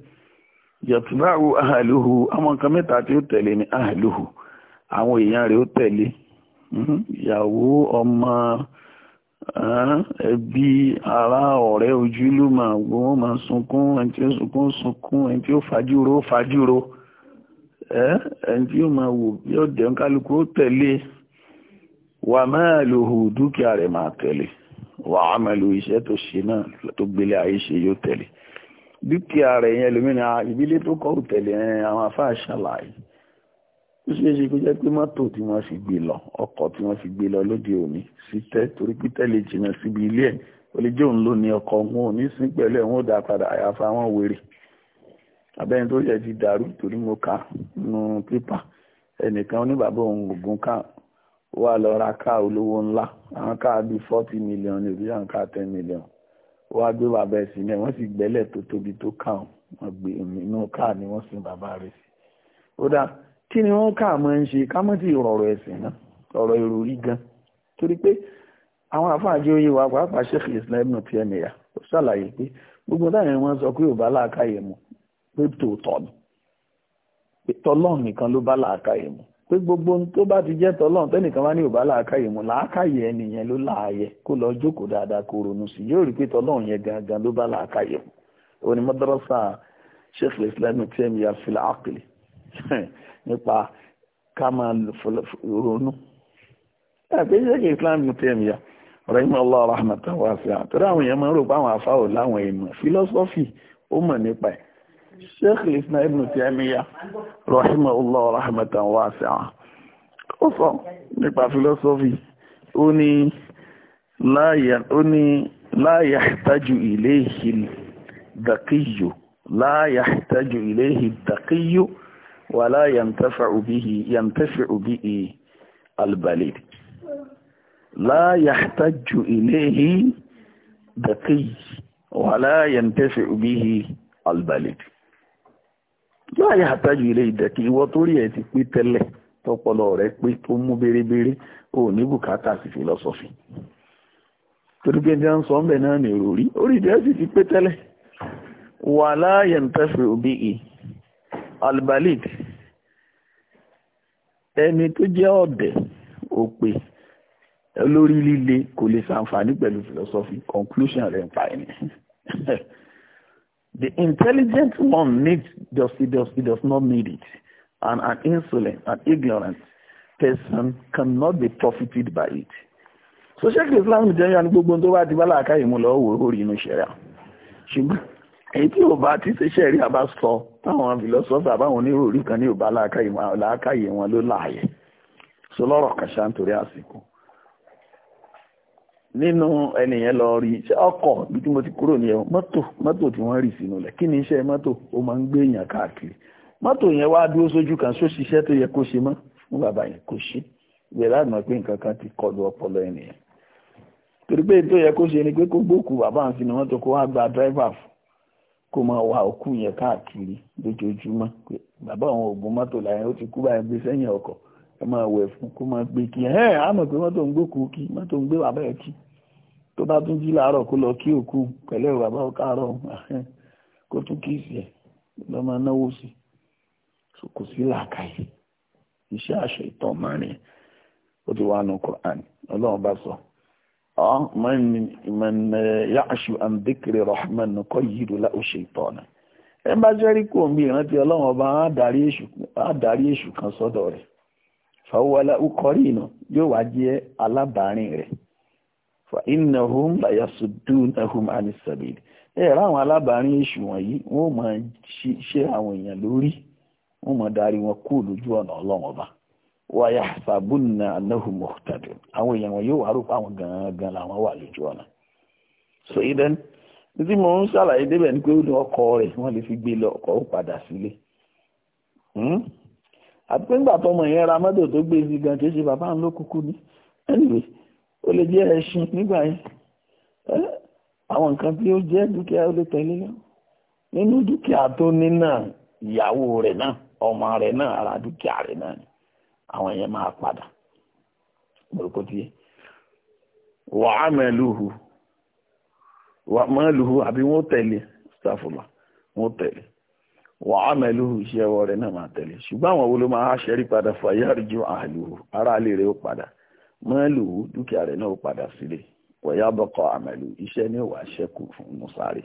[SPEAKER 1] yẹtùbáwú ahàlùhù àwọn nǹkan mẹ́ta tí ó tẹ̀lé ní ahàlùhù àwọn èèyàn rẹ̀ ó tẹ̀lé mhm, ìyàwó ọmọ ẹbí ará ọ̀rẹ́ ojúlùmọ̀ gbọ́n máa sunkún ẹni tí ó sunkún sunkún ẹni tí ó fajúro fajúro. ẹni tí ó máa wò bí ọ̀dẹ̀ ń kálukú tẹ̀lé wà máa lò hù dúkìá rẹ̀ máa tẹ̀lé wà á máa lo iṣẹ́ tó ṣe náà tó gbélé ayé ṣe yóò tẹ̀lé dúkìá rẹ̀ yẹn lómìnira ìbílẹ̀ tó kọ́ ò tẹ̀lé àwọn afáà ṣàlàyé ó ṣe fi gbé lọ ọkọ̀ tí wọ́n fi gbé lọ lóde òní sí tẹ́ torí jìnnà síbi ilé ẹ̀ lè jẹ́ òun ló ní ọkọ̀ abẹ́yẹn tó yẹ ti dàrú torí mo kà nù pépà ẹnìkan oníbàbá òun ògùn ká wà lọ ra ká olówó ńlá àwọn ká bíi forty million ní òbí àwọn ká ten million wá gbé bàbá ẹ̀ sílẹ̀ wọ́n sì gbẹ́lẹ̀ tó tóbi tó ká wọn gbé inú ká ni wọ́n sin bàbá rẹ̀ sí ó dáa kí ni wọ́n ká mọ́ ń ṣe ká mọ́ ti rọ̀rọ̀ ẹ̀sìn náà ọ̀rọ̀ èrò rí gan torí pé àwọn àfáàjẹ oyè wa pàápàá sheikh islam ibn taymiya ó ṣàlàyé pé gbogbo táwọn wọn sọ pé ò bá láàkàyè mu pé tòótọ́ ni pé tọ́lọ́run nìkan ló bá làákàyè mu pé gbogbo tó bá ti jẹ́ tọ́lọ́run tẹ́nìkan bá ní òbá làákàyè mu làákàyè ẹnìyẹn ló láàyè kó lọ jókòó dáadáa kó ronú sí yóò rí pé tọ́lọ́run yẹn gangan ló bá làákàyè mu òun ni madrasa sheikh islam tẹ́mi yasila akili nípa ká máa ronú ẹ̀pẹ́ sheikh islam tẹ́mi ya rahim allah rahmatan wasi'a torí àwọn èèyàn máa ń rò pé àwọn afáwò láwọn èèmọ̀ fílọ́sọ́fì ó mọ̀ nípa ẹ̀ الشيخ الاثنى ابن تيمية رحمه الله رحمة واسعة قصة نبقى فلسوفي اني لا يعني لا يحتاج اليه الدقي لا يحتاج اليه الدقي ولا ينتفع به ينتفع به البليد لا يحتاج اليه الدقي ولا ينتفع به البليد yóò àyà àtàjù ilé ìdẹ̀kì ìwọ torí ẹ̀ ti pé tẹ́lẹ̀ tọpọlọ rẹ pé tó mú bérebére ò ní bùkátà sí fìlọ́sọ̀fì torí pé ní à ń sọ ọ́nbẹ̀ náà ní òròrí orí ìdí sì ti pé tẹ́lẹ̀ wà láàyè ń tẹ́fẹ̀ òbí i albalit ẹni tó jẹ́ ọ̀dẹ̀ òpè lórí líle kò lè ṣàǹfààní pẹ̀lú fìlọ́sọ̀fì conclusion rẹ̀ ń pa ẹni The intelligent one needs does he does he does not need it. And an insolent an ignorant person cannot be profited by it. So Sheikh Islam jẹ́ yàn gbogbo tó to ti bá làákà yìí mú lọ wò ó rí inú ṣẹ̀ríà. Ṣùgbọ́n èyí tí ò bá ti ṣe ṣẹ̀ríà bá sọ táwọn philosopher àbáwọn onírúurú kan ní ò bá làákà yìí wọn ló láàyè. So lọ́rọ̀ kàṣà nítorí àsìkò. nínú ẹnìyẹn lọ rí ṣé ọkọ̀ bí tí mo ti kúrò ní ẹ̀wọ̀n mọ́tò mọ́tò tí wọ́n rì sínú rẹ̀ kí ni iṣẹ́ mọ́tò ó máa ń gbé èèyàn káàkiri mọ́tò yẹn wá dúró sójú kan só ṣiṣẹ́ tó yẹ kó ṣe mọ́ fún bàbá yẹn kò ṣe pé nǹkan kan ti kọlu ọpọlọ ẹnìyẹn torí pé tó yẹ kó ṣe ni pé kó gbókù bàbá àwọn sínú mọ́tò kó wá gba kó máa wa òkú ẹ máa wẹ̀ fún kó máa gbé kí ẹ á mọ̀ pé mọ́tò ń gbé kú kí mọ́tò ń gbé bàbá ẹ̀ kí tó bá tún jí láàárọ̀ kó lọ kí òkú pẹ̀lẹ́ bàbá ọ̀kárọ̀ kó tún kí sí ẹ̀ lọ́mọ náwó sí kò sí làákàyè iṣẹ́ àṣẹ ìtàn mọ́rin ó ti wà nù Qur'an ọlọ́run bá sọ man ya'shu an dhikri rahman nuqayyid lahu shaytanan ẹ bá jẹ́rí kò mí ìrántí ọlọ́run ọba á darí èṣù kan sọ́dọ̀ rẹ̀ fàwọ́lá ukọ̀rí iná yóò wá jẹ́ alábàárín rẹ̀ fa innahum layasuddunahum anis sabil ẹ̀ ráwọn alábàárín èṣù wọ̀nyí wọ́n máa ṣe àwọn èèyàn lórí wọ́n máa darí wọn kú lójú ọ̀nà ọlọ́run wa yahsabunna annahum muhtadun àwọn èèyàn wọn yóò wá àwọn gangan làwọn wà lójú ọ̀nà so idan mo ń ṣàlàyé débẹ̀ ni pé ó ní ọkọ rẹ̀ wọ́n lè fi gbé lọ ọkọ̀ ó padà sílé hmm? àti pé ńgbà tọmọ yẹn ra mọ́tò tó gbé sí gan kì í ṣe bàbá ń ló kúkú ní anyway ó lè jẹ́ ẹṣin nígbà yẹn àwọn nǹkan tí ó jẹ́ dúkìá ó lè tẹ̀lé lọ nínú dúkìá tó ní náà ìyàwó rẹ̀ náà ọmọ rẹ̀ náà ara dúkìá rẹ̀ náà ni àwọn yẹn máa padà gbòòkó tiẹ̀ wà á mẹ́lùú wà mẹ́lùú àbí wọ́n tẹ̀lé sáfùlà wọ́n tẹ̀lé wà á mẹ́lúhù iṣẹ́ ọwọ́ rẹ̀ náà máa tẹ̀lé ṣùgbọ́n àwọn wo ló máa ṣẹ́rí padà fàyàrí ju àlùhù ara lè rẹ̀ ó padà mọ́ẹ̀lùhù dúkìá rẹ̀ náà ó padà sílé wọ̀yá bọ́kọ̀ àmẹ́lù iṣẹ́ ní ìwà ṣẹ́kù fún musari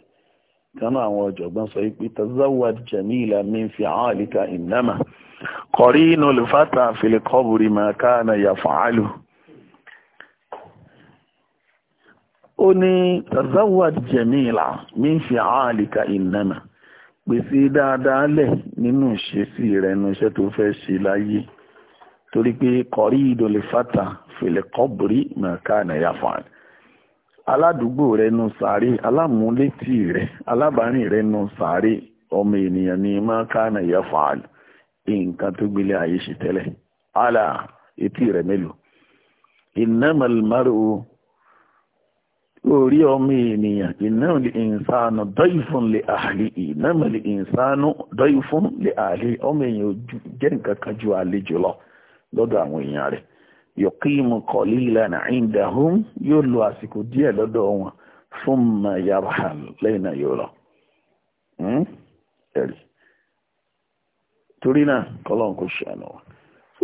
[SPEAKER 1] kanáà àwọn ọ̀jọ̀gbọ́n sọ pé tazawad jamila min fi alika innama qarinu lufata fil qabri ma kana yaf'alu ó ní tazawad jamila min fi alika innama pèsè dáadáa lẹ̀ nínú ìṣesí rẹ̀ nínú iṣẹ́ tó fẹ́ ṣe láyé torí pé kọ̀rí ìdòlè fata fèlè kọ́bùrí mẹ́ka nàìyà fún aládùúgbò rẹ̀ nù sàárè alámúlétì rẹ̀ alábàárìn rẹ̀ nù sàárè ọmọ ènìyàn ní mẹ́ka nàìyà fún nǹkan tó gbélé ayé ṣe tẹ́lẹ̀ àlà etí rẹ̀ mélòó ìnámàlmárò orí ọmọ ènìyàn iná lè ìsánú fún lè àhàlì iná lè ìsánú fún lè àhàlì ọmọ èèyàn jẹ́ nǹkan kan ju lọ lọ́dọ̀ àwọn èèyàn rẹ̀ kọ̀lí ìlànà ìdáhùn yóò lo àsìkò díẹ̀ lọ́dọ̀ wọn fún lẹ́yìn náà yóò lọ. Hmm? torí náà kọ́lọ́n kò ṣàánú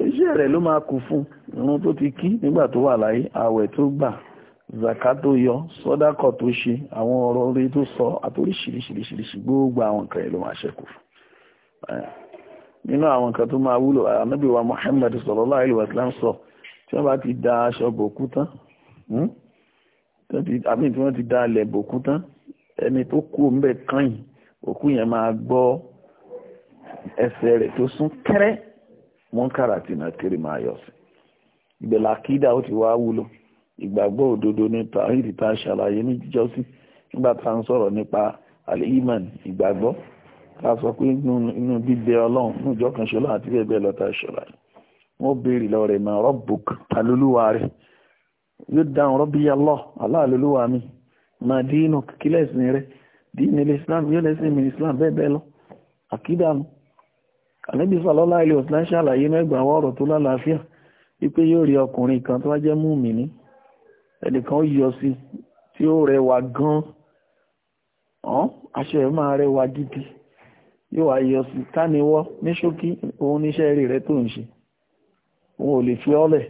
[SPEAKER 1] iṣẹ́ rẹ̀ ló máa kú fún irun tó ti kí nígbà tó wà zaka tó yọ sọ́dákọ̀ tó ṣe àwọn ọ̀rọ̀ orí tó sọ àtòríṣiríṣiríṣiríṣi gbogbo àwọn nǹkan yìí ló máa ṣẹ́kù nínú àwọn nǹkan tó máa wúlò ànábì wa Muhammad sallallahu alaihi wasallam sọ tí wọ́n bá ti da aṣọ bòkú tán àbí hmm, tí wọ́n ti da alẹ̀ bòkú tán ẹni tó kú òǹbẹ kan yìí òkú yẹn máa gbọ́ ẹsẹ̀ rẹ̀ tó sún kẹ́rẹ́ mọ́ńkàrà tìǹà kiri máa yọ sí ìgbẹ̀lá kídà ó ti wá wúlò ìgbàgbọ́ òdodo ní tàhídì tá a ṣàlàyé ní jíjọ́sí nígbà tá à ń sọ̀rọ̀ nípa al-iman ìgbàgbọ́ tá a sọ pé inú bíbẹ ọlọ́run ní ìjọ kan ṣọlá àti bẹ́ẹ̀ bẹ́ẹ̀ lọ tá wọ́n béèrè lọ rẹ̀ mọ́ rabbuk talólúwa rẹ̀ yóò dáhùn rabbiya Allah aláàlólúwa mi máa dínú kílẹ̀ ìsìn rẹ̀ dínú ilé islam yóò lẹ́sìn mi islam bẹ́ẹ̀ bẹ́ẹ̀ lọ ẹnìkan yọ sí tí ó rẹwà gan-an aṣọ ẹ̀ máa rẹwà gidi yóò wá yọ sí tániwọ́ ní ṣókí òun níṣẹ́ rí rẹ tó ń ṣe òun ò lè fi ọ́lẹ̀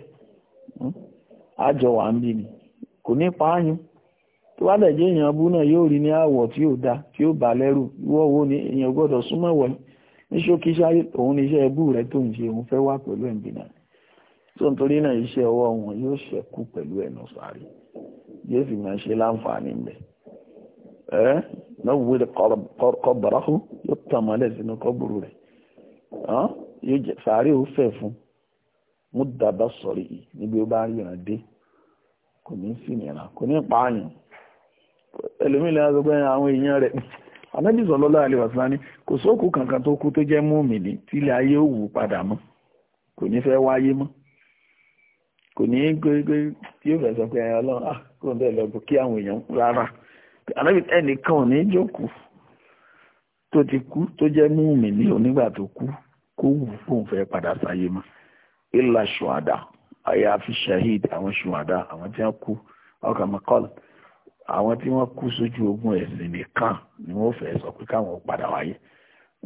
[SPEAKER 1] àjọ wà ń bí ni kò ní pààyàn tó bá dẹ̀jẹ́ èèyàn abú náà yóò rí ní àwọ̀ tí ó da tí ó bà lẹ́rù ìwọ́ wo ni èèyàn gbọ́dọ̀ súnmọ́ wọ̀ ní ṣókí ṣáyé òun níṣẹ́ ẹbú rẹ tó ń ṣe òun fẹ́ wá pẹ̀lú ẹ̀ǹbìnà tó ń torí náà iṣẹ́ ọwọ́ wọn yóò ṣẹ́kù pẹ̀lú ẹ̀nà sáré yóò máa ṣe láǹfààní mbẹ̀ ẹ́ náà wúwo de kọ́bọ̀rọ́hù yóò tàn mọ́lẹ̀ sínú kọ́bùrù rẹ̀ yóò jẹ sáré ó fẹ̀ fún mú dàbà sọ̀rí yìí níbi ó bá rí ìrìn dé kò ní sí ìnira kò ní pààyàn ẹlòmíì lẹ́yìn aṣọ́gbẹ́ àwọn èèyàn rẹ̀ anábì sallallahu alaihi wasallam ní kò sóòkù kankan tó kú tó jẹ́ mùmínì tí ilé ayé ò wù padà mọ́ kò ní fẹ́ wáyé mọ́ kò ní gbégbé tí yóò fẹ́ sọ pé ẹ̀yà ọlọ́run ah, kò ń bẹ́ẹ̀ lọ́gbọ̀n kí àwọn èèyàn rárá ànábì ẹnìkan ò ní jókòó tó ti kú tó jẹ́ múùmí ní onígbà tó kú kó wù kóun fẹ́ padà sáyé mọ́ ìlà ṣùwàdà àyàfi shahid àwọn ṣùwàdà àwọn tí wọ́n kú ọkàn mọ́kọ́lù àwọn tí wọ́n kú sójú ogun ẹ̀sìn nìkan ni wọ́n fẹ́ sọ pé káwọn padà wáyé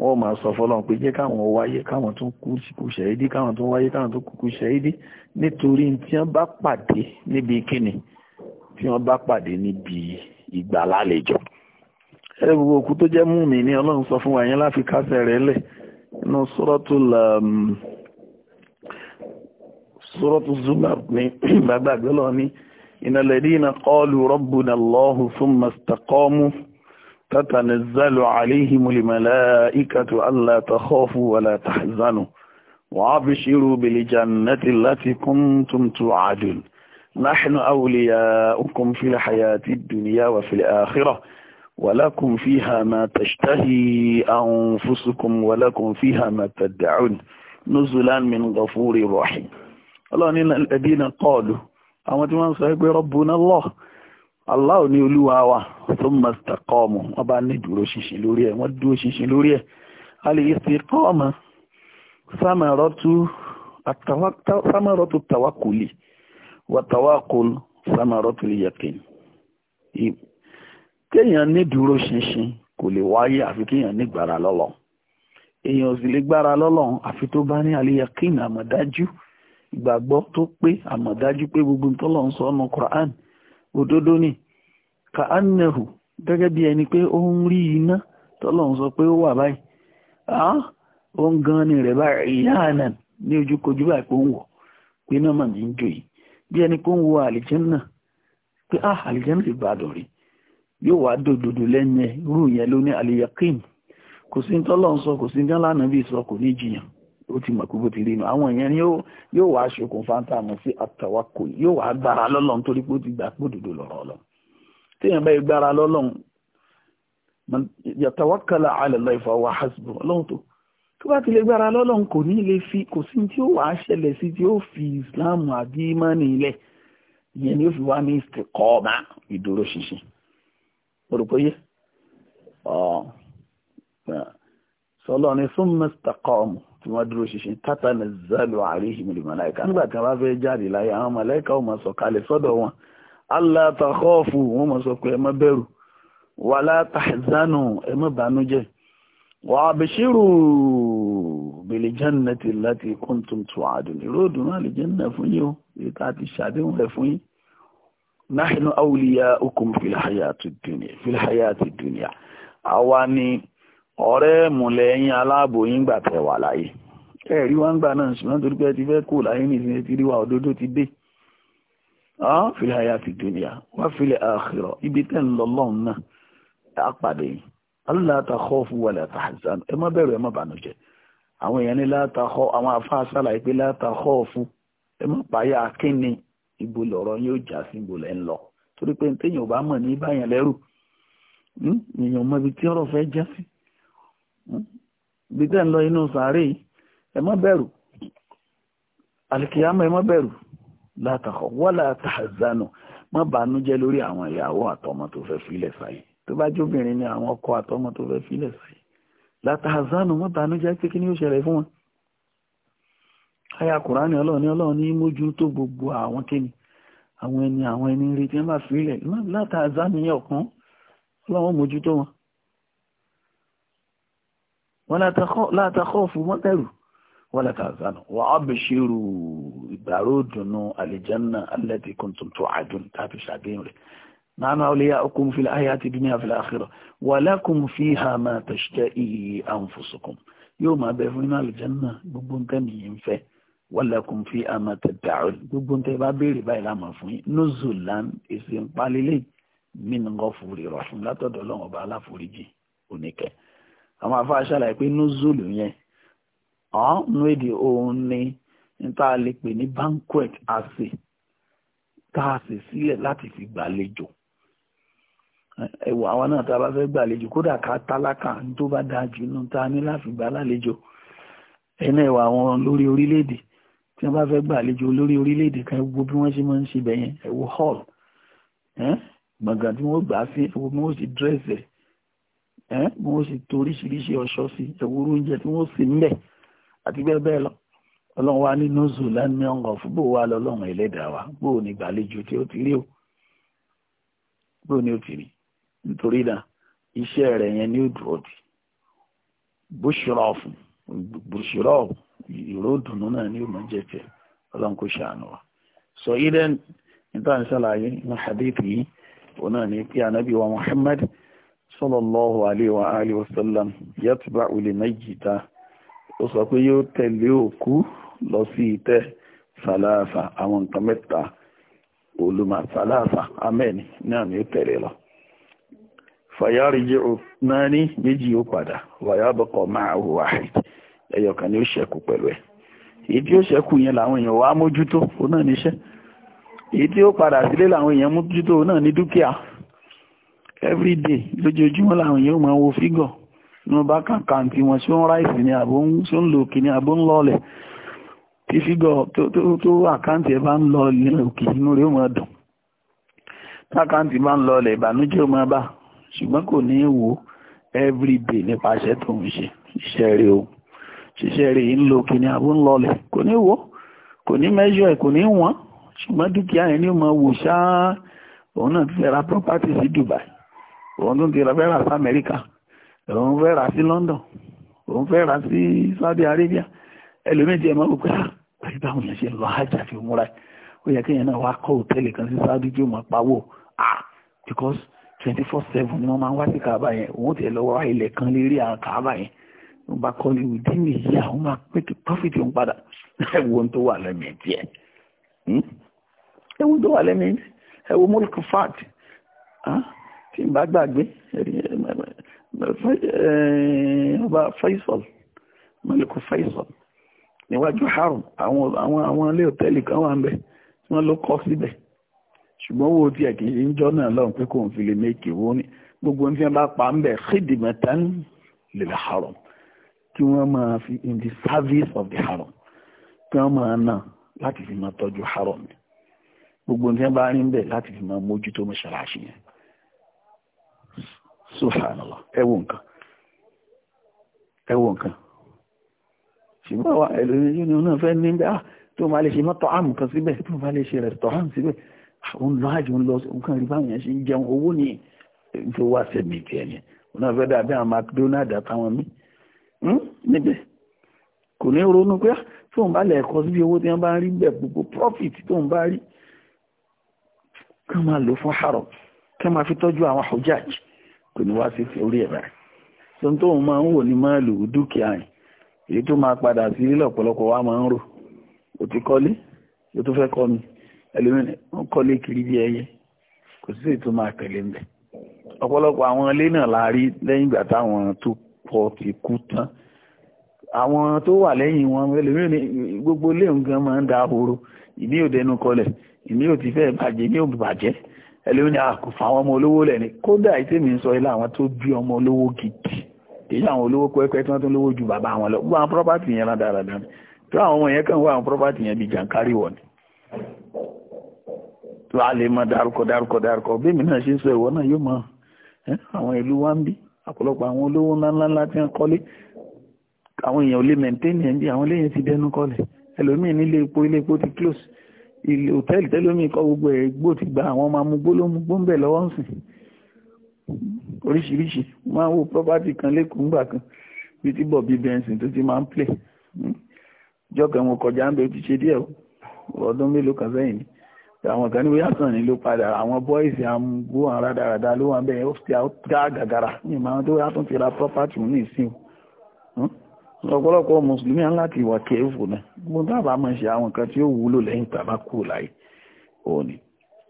[SPEAKER 1] wọ́n máa sọ fọ́lọ́n pé jẹ́ káwọn wáyé káwọn tún kú kú ṣẹ̀ẹ́dí káwọn tún wáyé káwọn tún kú kú ṣẹ̀ẹ́dí nítorí tí wọ́n bá pàdé níbi kíni tí wọ́n bá pàdé níbi ìgbàlálejò ẹ gbogbo òkú tó jẹ́ múmi ní ọlọ́run sọ fún wa yẹn láfi kásẹ̀ rẹ̀ lẹ̀ inú suratul um, suratul zumar ní gbàgbàgbẹ́ lọ ní innal ladina qalu rabbuna Allahu thumma istaqamu تتنزل عليهم الملائكة ألا تخافوا ولا تحزنوا وأبشروا بالجنة التي كنتم توعدون نحن أولياؤكم في الحياة الدنيا وفي الآخرة ولكم فيها ما تشتهي أنفسكم ولكم فيها ما تدعون نزلا من غفور رحيم الله الذين قالوا أما تمام صحيح ربنا الله Allah ní olúwa wa tó mọ̀sítàkọ́ọ̀mù wọ́n bá ní dúró ṣinṣin lórí ẹ̀ wọ́n dúró ṣinṣin lórí ẹ̀ al-istiqama samaratu tawakkuli wa tawakkul samaratu al-yaqin kéèyàn ní dúró ṣinṣin kò lè wáyé àfi kéèyàn ní gbára lọ́lọ́ èèyàn ò sì lè gbára lọ́lọ́ àfi tó bá ní al-yaqin àmọ̀dájú ìgbàgbọ́ tó pé àmọ̀dájú pé gbogbo ntọ́lọ́ ń sọ ọ́nù Qur'an òdodo ni ka annahu gẹ́gẹ́ bí ẹni pé ó ń rí iná tọ́lọ́run sọ pé ó wà báyìí ó ń gan ni rẹ̀ báyìí ìyá àná ní ojúkojú báyìí pé ó ń wọ̀ pé náà mà ní í jò yìí bí ẹni pé ó ń wọ àlìjẹ́nà pé ah àlìjẹ́nà lè bàdàn rí yóò wá dòdòdò lẹ́nu rú yẹn ló ní àlìyàkín kò sí ní tọ́lọ́run sọ kò sí bí sọ kò ní jiyàn ó ti mọ̀ pé bó ti rí inú àwọn èèyàn yóò wá ṣokùnfà ń tà mọ́ sí àtàwákùl yóò wá gbára lọ́lọ́run torí pé ó ti gbà pòdòdó lọ́rọ̀ ọlọ́run téèyàn bá gbára lọ́lọ́run yàtàwákàlà àlẹ́lọ́ ìfọwọ́ hasbù ọlọ́run tó tó bá ti gbára lọ́lọ́run kò ní lè fi kò sí tí ó wàá ṣẹlẹ̀ sí tí ó fi islam àbí imani ilẹ̀ ìyẹn ni ó fi wá ní istiqama ìdúró ṣinṣin mo rò pé súnmọ́ istaqamu tí wọ́n dúró ṣinṣin tata ní zalo àríhìm lè mọ̀láìka nígbà tí wọ́n bá fẹ́ jáde láyé àwọn mọ̀láìka ò máa sọ̀kalẹ̀ sọ́dọ̀ wọn allah takọ́ọ̀fù wọ́n máa sọ pé ẹ má bẹ̀rù wàlá tahzanu ẹ má bànújẹ́ wà abṣiru bèlè jannati láti kuntum tu'adun ìró òdùnú àlìjẹ́nà fún yín o ìta ti ṣàdéhùn rẹ̀ fún yín nahnu awliyaukum fil hayati dunya fil hayati ọ̀rẹ́ mùlẹ̀ yín aláàbò yín gbà tẹ̀ wà láyé ẹ̀rí wá ń gbà náà ṣùgbọ́n torí pé ti fẹ́ kó láyé nìyí ti rí wa òdodo ti dé fìlẹ̀ àyà ti dùnìyà wá fìlẹ̀ àkìrọ̀ ibi tẹ́ ń lọ lọ́hùn náà á pàdé yìí Allah ta khawfu wala tahzan ẹ má bẹ̀rù ẹ má bànújẹ́ àwọn èèyàn ní láta kọ́ àwọn afáà sálàyé pé láta khawfu ẹ má pààyà kínni ibo lọ̀rọ̀ yóò já sí ibo lẹ́ ń lọ torí pé téèyàn ò bá mọ̀ ní báyẹn lẹ́rù hmm, èèyàn mọ ibi tí ọ̀rọ̀ fẹ́ já sí bí tẹ́ ń lọ inú sàárè ẹ má bẹ̀rù alìkìyàmọ̀ ẹ má bẹ̀rù látàkọ̀ wọ́lá tàzánù má bànújẹ́ lórí àwọn ìyàwó àtọmọ tó fẹ́ filẹ̀ sáyé tó bá jóbìnrin ni àwọn ọkọ àtọmọ tó fẹ́ filẹ̀ sáyé látàzánù má bànújẹ́ pé kí ni ó ṣẹlẹ̀ fún wọn. aya kùránì ọlọ́run ní ọlọ́run ní mójú tó gbogbo àwọn kíni àwọn ẹni àwọn ẹni rí tí wọ́n bá filẹ̀ látàzánù yẹn ọ̀kan ọlọ́run mójú tó wọn wọn látàkọ́ fún mọ́tẹ́rù wọ́n látàzánù wà á bẹ̀ ṣerú ìgbàró dùnú àlìjánná alẹ́tì kùntùn tó àdùn tàbí ṣàgbéyìn rẹ̀ nánú àwòlẹ́yà okùn fìlà ayé àti dúnìyà fìlà àkìrọ̀ wà lákùn fi hà máa tẹ̀ṣẹ́ iye àǹfọ̀sọ̀kùn yóò máa bẹ fún iná àlìjánná gbogbo nǹkan nìyí ń fẹ́ walakum fi ama tẹ̀tàrún gbogbo ń bá béèrè báyìí láàmú fún yín nuzulan èsì ń palilé min ghafuri rahim látọ̀dọ̀ ọlọ́run ọba aláforíjì oníkẹ́ àwọn afá ṣàlàyé pé nuzul yẹn ọ̀nù èdè òun ni níta lè pè ní banquet àsè tá a sì sílẹ̀ láti fi gbàlejò ẹwọ àwọn náà tá a bá fẹ́ gbàlejò kódà ká tálákà tó bá dáa jù nù tá a ní láti gbà lálejò ẹnà ẹwà àwọn lórí orílẹ̀-èdè tí wọ́n bá fẹ́ gbàlejò lórí orílẹ̀-èdè kan gbogbo bí wọ́n ṣe máa ń ṣe bẹ̀yẹn ẹ̀wọ̀ hall gbọ̀ngàn tí wọ́n gbà sí ẹ̀wọ̀ bí wọ́n ṣe dírẹ́sì bí wọ́n sì to oríṣiríṣi ọ̀ṣọ́ sí ẹ̀wúrú oúnjẹ tí wọ́n sì ń bẹ̀ àti bẹ́ẹ̀ bẹ́ẹ̀ lọ ọlọ́run wa nínú ní ọ̀ngàn fún bò wá lọ́lọ́run ẹlẹ́dàá wa bò ní gbàlejò tí ó ti rí o bò ní ó ti rí nítorí náà iṣẹ́ rẹ̀ yẹn ní òdùrọ̀ ìró dùnú náà ní òmò ọlọ́run kò ṣàánú wa sọ dẹ́n nítorí ní yìí òun sallallahu alaihi wa alihi wasallam yatba'u limayyita ó sọ pé yóò tẹ̀lé òkú lọ sí ìtẹ́ sàlàáfà àwọn nǹkan mẹ́ta olùmọ̀ sàlàáfà amen náà ni ó tẹ̀lé lọ fàyàríjì náà ní méjì ó padà wàyábọ̀kọ̀ máa hùwà ẹyọkàn ni ó ṣẹ́kù pẹ̀lú ẹ̀ ó ṣẹ́kù yẹn làwọn èèyàn mójútó ó náà níṣẹ́ ó padà sílé làwọn èèyàn mójútó ó náà ní dúkìá every day lójoojúmọ́ làwọn yóò máa wo fígọ̀ ní wọ́n bá kàkà tí wọ́n ṣó ń ráìsì ní àbó ń ṣó ń lò kì ní àbó ń lọ́ọ̀lẹ̀ tí fígọ̀ tó àkáǹtì ẹ̀ bá ń lọ ilẹ̀ òkè inú rẹ̀ ó máa dùn tákáǹtì bá ń lọọlẹ̀ ìbànújẹ́ ó bá ṣùgbọ́n kò ní í wò every day nípasẹ̀ tó ń ṣe iṣẹ́ rẹ̀ o ṣiṣẹ́ rẹ̀ ń lo kìnìún àbó ń lọọlẹ̀ kò ní wò kò ní measure ẹ̀ kò ní wọ́n ṣùgbọ́n dúkìá yẹn ni ó máa wò ṣáá òun náà ti fẹ́ ra property sí Dubai òun tún ti fẹ́ rà sí amẹ́ríkà òun fẹ́ rà sí london òun fẹ́ rà sí saudi arabia ẹlòmíì tí ẹ máa wò pé àti ah, báwọn yẹn ṣe lọ hajj àfi múra ó yẹ kéèyàn náà wá kọ́ òtẹ́ẹ̀lì kan sí saudi tí ó pawó ah because twenty four seven ni wọ́n máa ń wá sí kaaba yẹn òun tiẹ̀ lọ́wọ́ wá ilẹ̀ kan lérí àwọn kaaba yẹn wọ́n bá kọ́ ní within a year àwọn máa pé kí profit ń padà ẹ̀wọ̀n tó wà lẹ́mìí tiẹ̀ ẹ̀wọ̀n hmm? tó wà lẹ́mìí ẹ̀wọ̀n mọ́lùkù fat. Huh? Ah, tí n bá gbàgbé ọba Faisal Maliku Faisal níwájú haram àwọn àwọn àwọn ilé òtẹ́ẹ̀lì kan wà ń bẹ̀ tí wọ́n ló kọ́ síbẹ̀ ṣùgbọ́n owó tí ẹ̀kì ń jọ́ náà lọ́rùn pé kò ń fi lè méèkì wó ní gbogbo ní wọ́n bá pa ń bẹ̀ khidmatan lil haram kí wọ́n máa fi in the service of the haram kí wọ́n máa nà láti fi máa tọ́jú haram gbogbo ní wọ́n bá rí ń bẹ̀ láti fi máa mójútó mọ́ṣáláṣí yẹn subhanallah ẹ wo nǹkan ẹ wo nǹkan ṣùgbọ́n àwọn ẹlòmíyàn ni wọ́n fẹ́ ní bẹ́ẹ̀ ah, tó máa lè ṣe mọ́tọ̀ àmù kan síbẹ̀ tó máa lè ṣe restaurant síbẹ̀ ah, òun lọ àjò ń lọ nǹkan rí báwọn yẹn ṣe ń jẹun owó ní tó wà sẹ́mi tiẹ̀ ni òun náà fẹ́ dàbí àwọn McDonald àtàwọn mí hmm? níbẹ̀ kò ní ronú pé ah, tóun bá lẹ̀kọ́ síbi owó tí wọ́n bá ń rí bẹ̀ gbogbo profit tóun bá rí kí wọ́n máa lò fún harrop kí wọ́n máa fi tọ́jú àwọn hujaj kò ní wá sí orí ẹ̀ báyìí tó ń tó ń máa ń wò ní máàlù dúkìá yìí èyí tó máa padà sí lọ́pọ̀lọpọ̀ wa máa ń rò ó ti kọ́lé ó tó fẹ́ kọ́ mi ẹlòmíràn ó kọ́lé kiri bí ẹyẹ kò sí èyí tó máa tẹ̀lé ń bẹ̀ ọ̀pọ̀lọpọ̀ àwọn ilé náà la rí lẹ́yìn ìgbà táwọn tó pọ̀ ti kú tán àwọn tó wà lẹ́yìn wọn ẹlòmíràn gbogbo ilé nǹkan máa ń da horo ìmí ò dẹnu kọlẹ̀ ìmí ò ti fẹ́ bàjẹ́ ìmí ò bàjẹ́ ẹlẹ́yìn ní àkùfà ah, àwọn ọmọ olówó lẹ̀ ni kódà ìtẹ́mi ń sọ ilé àwọn tó bí ọmọ olówó gidi èyí àwọn olówó pẹ́ẹ́pẹ́ tí wọ́n tún lówó ju bàbá wọn lọ gbọ́n àwọn property yẹn rán dáradára ni tó àwọn ọmọ yẹn kàn wá àwọn property yẹn bíi jàǹkárì wọ̀ ni tó a lè mọ dárúkọ dárúkọ dárúkọ bí èmi náà ṣe ń sọ ìwọ náà yóò mọ àwọn ìlú wa ń bí ọ̀pọ̀lọpọ̀ àwọn olówó ńláńlá maintain ẹ̀ ń bí àwọn eléyìí ti dẹnu kọlẹ̀ ẹlòmíì nílé epo ilé close ilé òtẹ́ẹ̀lì tẹ́lómi kọ́ gbogbo ẹ̀ gbó ti gba àwọn ọmọ amúgbó ló mú gbóǹbẹ̀ lọ́wọ́ ń sìn oríṣiríṣi máa ń wo property kan lẹ́kùn ńgbà kan bíi ti bọ̀ bíi bẹ́ẹ̀nsìn tó ti máa ń play hmm. jọ́kàn mo kọjá ń bẹ ó ti ṣe díẹ̀ ọdún mélòó kan sẹ́yìn ni àwọn kan ní bóyá sàn ní ló padà àwọn bọ́ìsì àmúgbó àwọn rádaràda ló wà ń bẹ́ẹ̀ ó ti ká gàgàrà ní ìmọ̀ àwọn tó yà tún ti ra property ní ìsìn ọ̀pọ̀lọpọ̀ mùsùlùmí á láti wà kẹ́ẹ̀fù náà mo dábàá máa ṣe àwọn nǹkan tí ó wúlò lẹ́yìn tàbá kù láì òní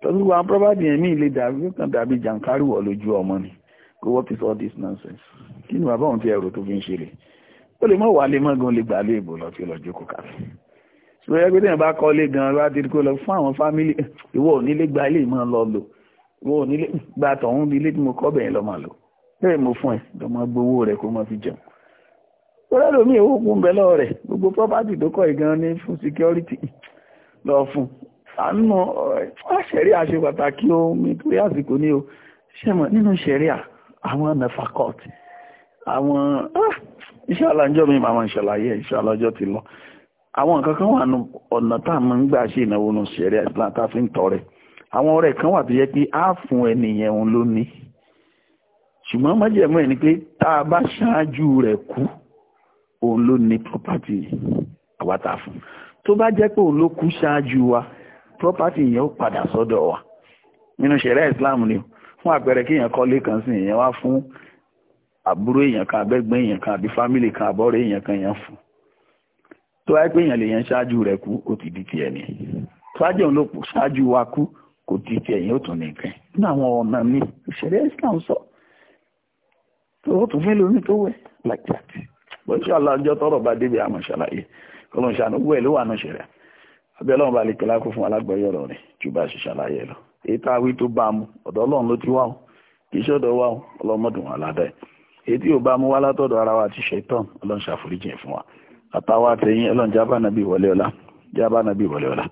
[SPEAKER 1] tọ́jú wa pírọ́bàdì ẹ̀mí ilé dàbí ó kàn dàbí jàǹkárìwọ̀ lójú ọmọ ni go what is all this nonsense kí ni bàbá òun ti ẹ̀rọ tó fi ń ṣe lè ó lè mọ̀ wà lè mọ́gun lè gbà lé ìbò lọ tí ó lọ jókòó kàfé ṣùgbọ́n ẹgbẹ́ tẹ̀yìn bá kọ́ lé gan-an bá ti kó lọ fún àwọn fámílì ìwọ ò nílé gba ilé ìmọ̀ lọ lò ìwọ ò nílé gba tọ̀hún ilé tí mo kọ́ bẹ̀yẹn lọ́mọ lò bẹ́ẹ̀ mo fún ẹ lọ́mọ gbowó rẹ kó mọ́ fi jẹun ọ̀rẹ́ lómi ìwókun bẹ̀ lọ́wọ́ rẹ̀ gbogbo property tó kọ́ ìgan ní fún security lọ fún àánú ṣẹ̀rí àṣẹ pàtàkì o nítorí àsìkò ní o ṣẹ̀mọ̀ nínú ṣẹ̀rí àwọn nefa court àwọn ah, iṣẹ́ alájọ́ mi màmá ìṣàlàyé iṣẹ́ alájọ́ ti lọ àwọn nǹkan kan wà nù ọ̀nà tá a máa ń gbà ṣe ìnáwó nù ṣẹ̀rí Islam a fi ń tọrẹ àwọn ọ̀rẹ́ kan wà tó yẹ pé á fún ẹnìyẹn òun ló ṣùgbọ́n májẹ̀mú ẹ̀ ni pé tá a bá ṣáájú rẹ̀ kú òun ló ní property àwátà fún tó bá jẹ́ pé òun ló kú ṣáájú wa property yẹn ó padà sọ́dọ̀ wa nínú ṣẹ̀rẹ́ Islam ni fún àpẹẹrẹ kí èèyàn kọ́lé kan sí èèyàn wá fún àbúrò èèyàn kan abẹ́gbẹ́ èèyàn kan àbí family kan àbọ̀rẹ́ èèyàn kan èèyàn fún tó wáyé pé èèyàn lè yan ṣáájú rẹ̀ kú ó ti di tiẹ̀ ni òun ló kú ṣáájú wa kú kò ti tiẹ̀ tún nínú àwọn ọ̀nà Islam sọ tó tún fẹ́ lómi tó wẹ̀ like that. bọ́ṣẹ́ aláǹjọ́ tọrọ bá débi àmọ̀ ṣàlàyé kọlọ́n ṣàánú wẹ̀ ló wà náà ṣẹlẹ̀ abẹ́ ọlọ́run bá lè kí lákó fún alágbọ̀yọ̀ rọ̀ rẹ̀ jù bá ṣe ṣàlàyé lọ èyí tá a wí tó bá mu ọ̀dọ̀ ọlọ́run ló ti wá o kì í ṣọ́dọ̀ wá o ọlọ́mọdún wà ládàá èyí tí ò bá mu wá látọ̀dọ̀ ara wa ti ṣe tán ọlọ́run ṣàforíjì fún wa àtàwọn àtẹ̀yìn ọlọ́run jábà nàbí wọlé ọlá jábà nàbí wọlé ọlá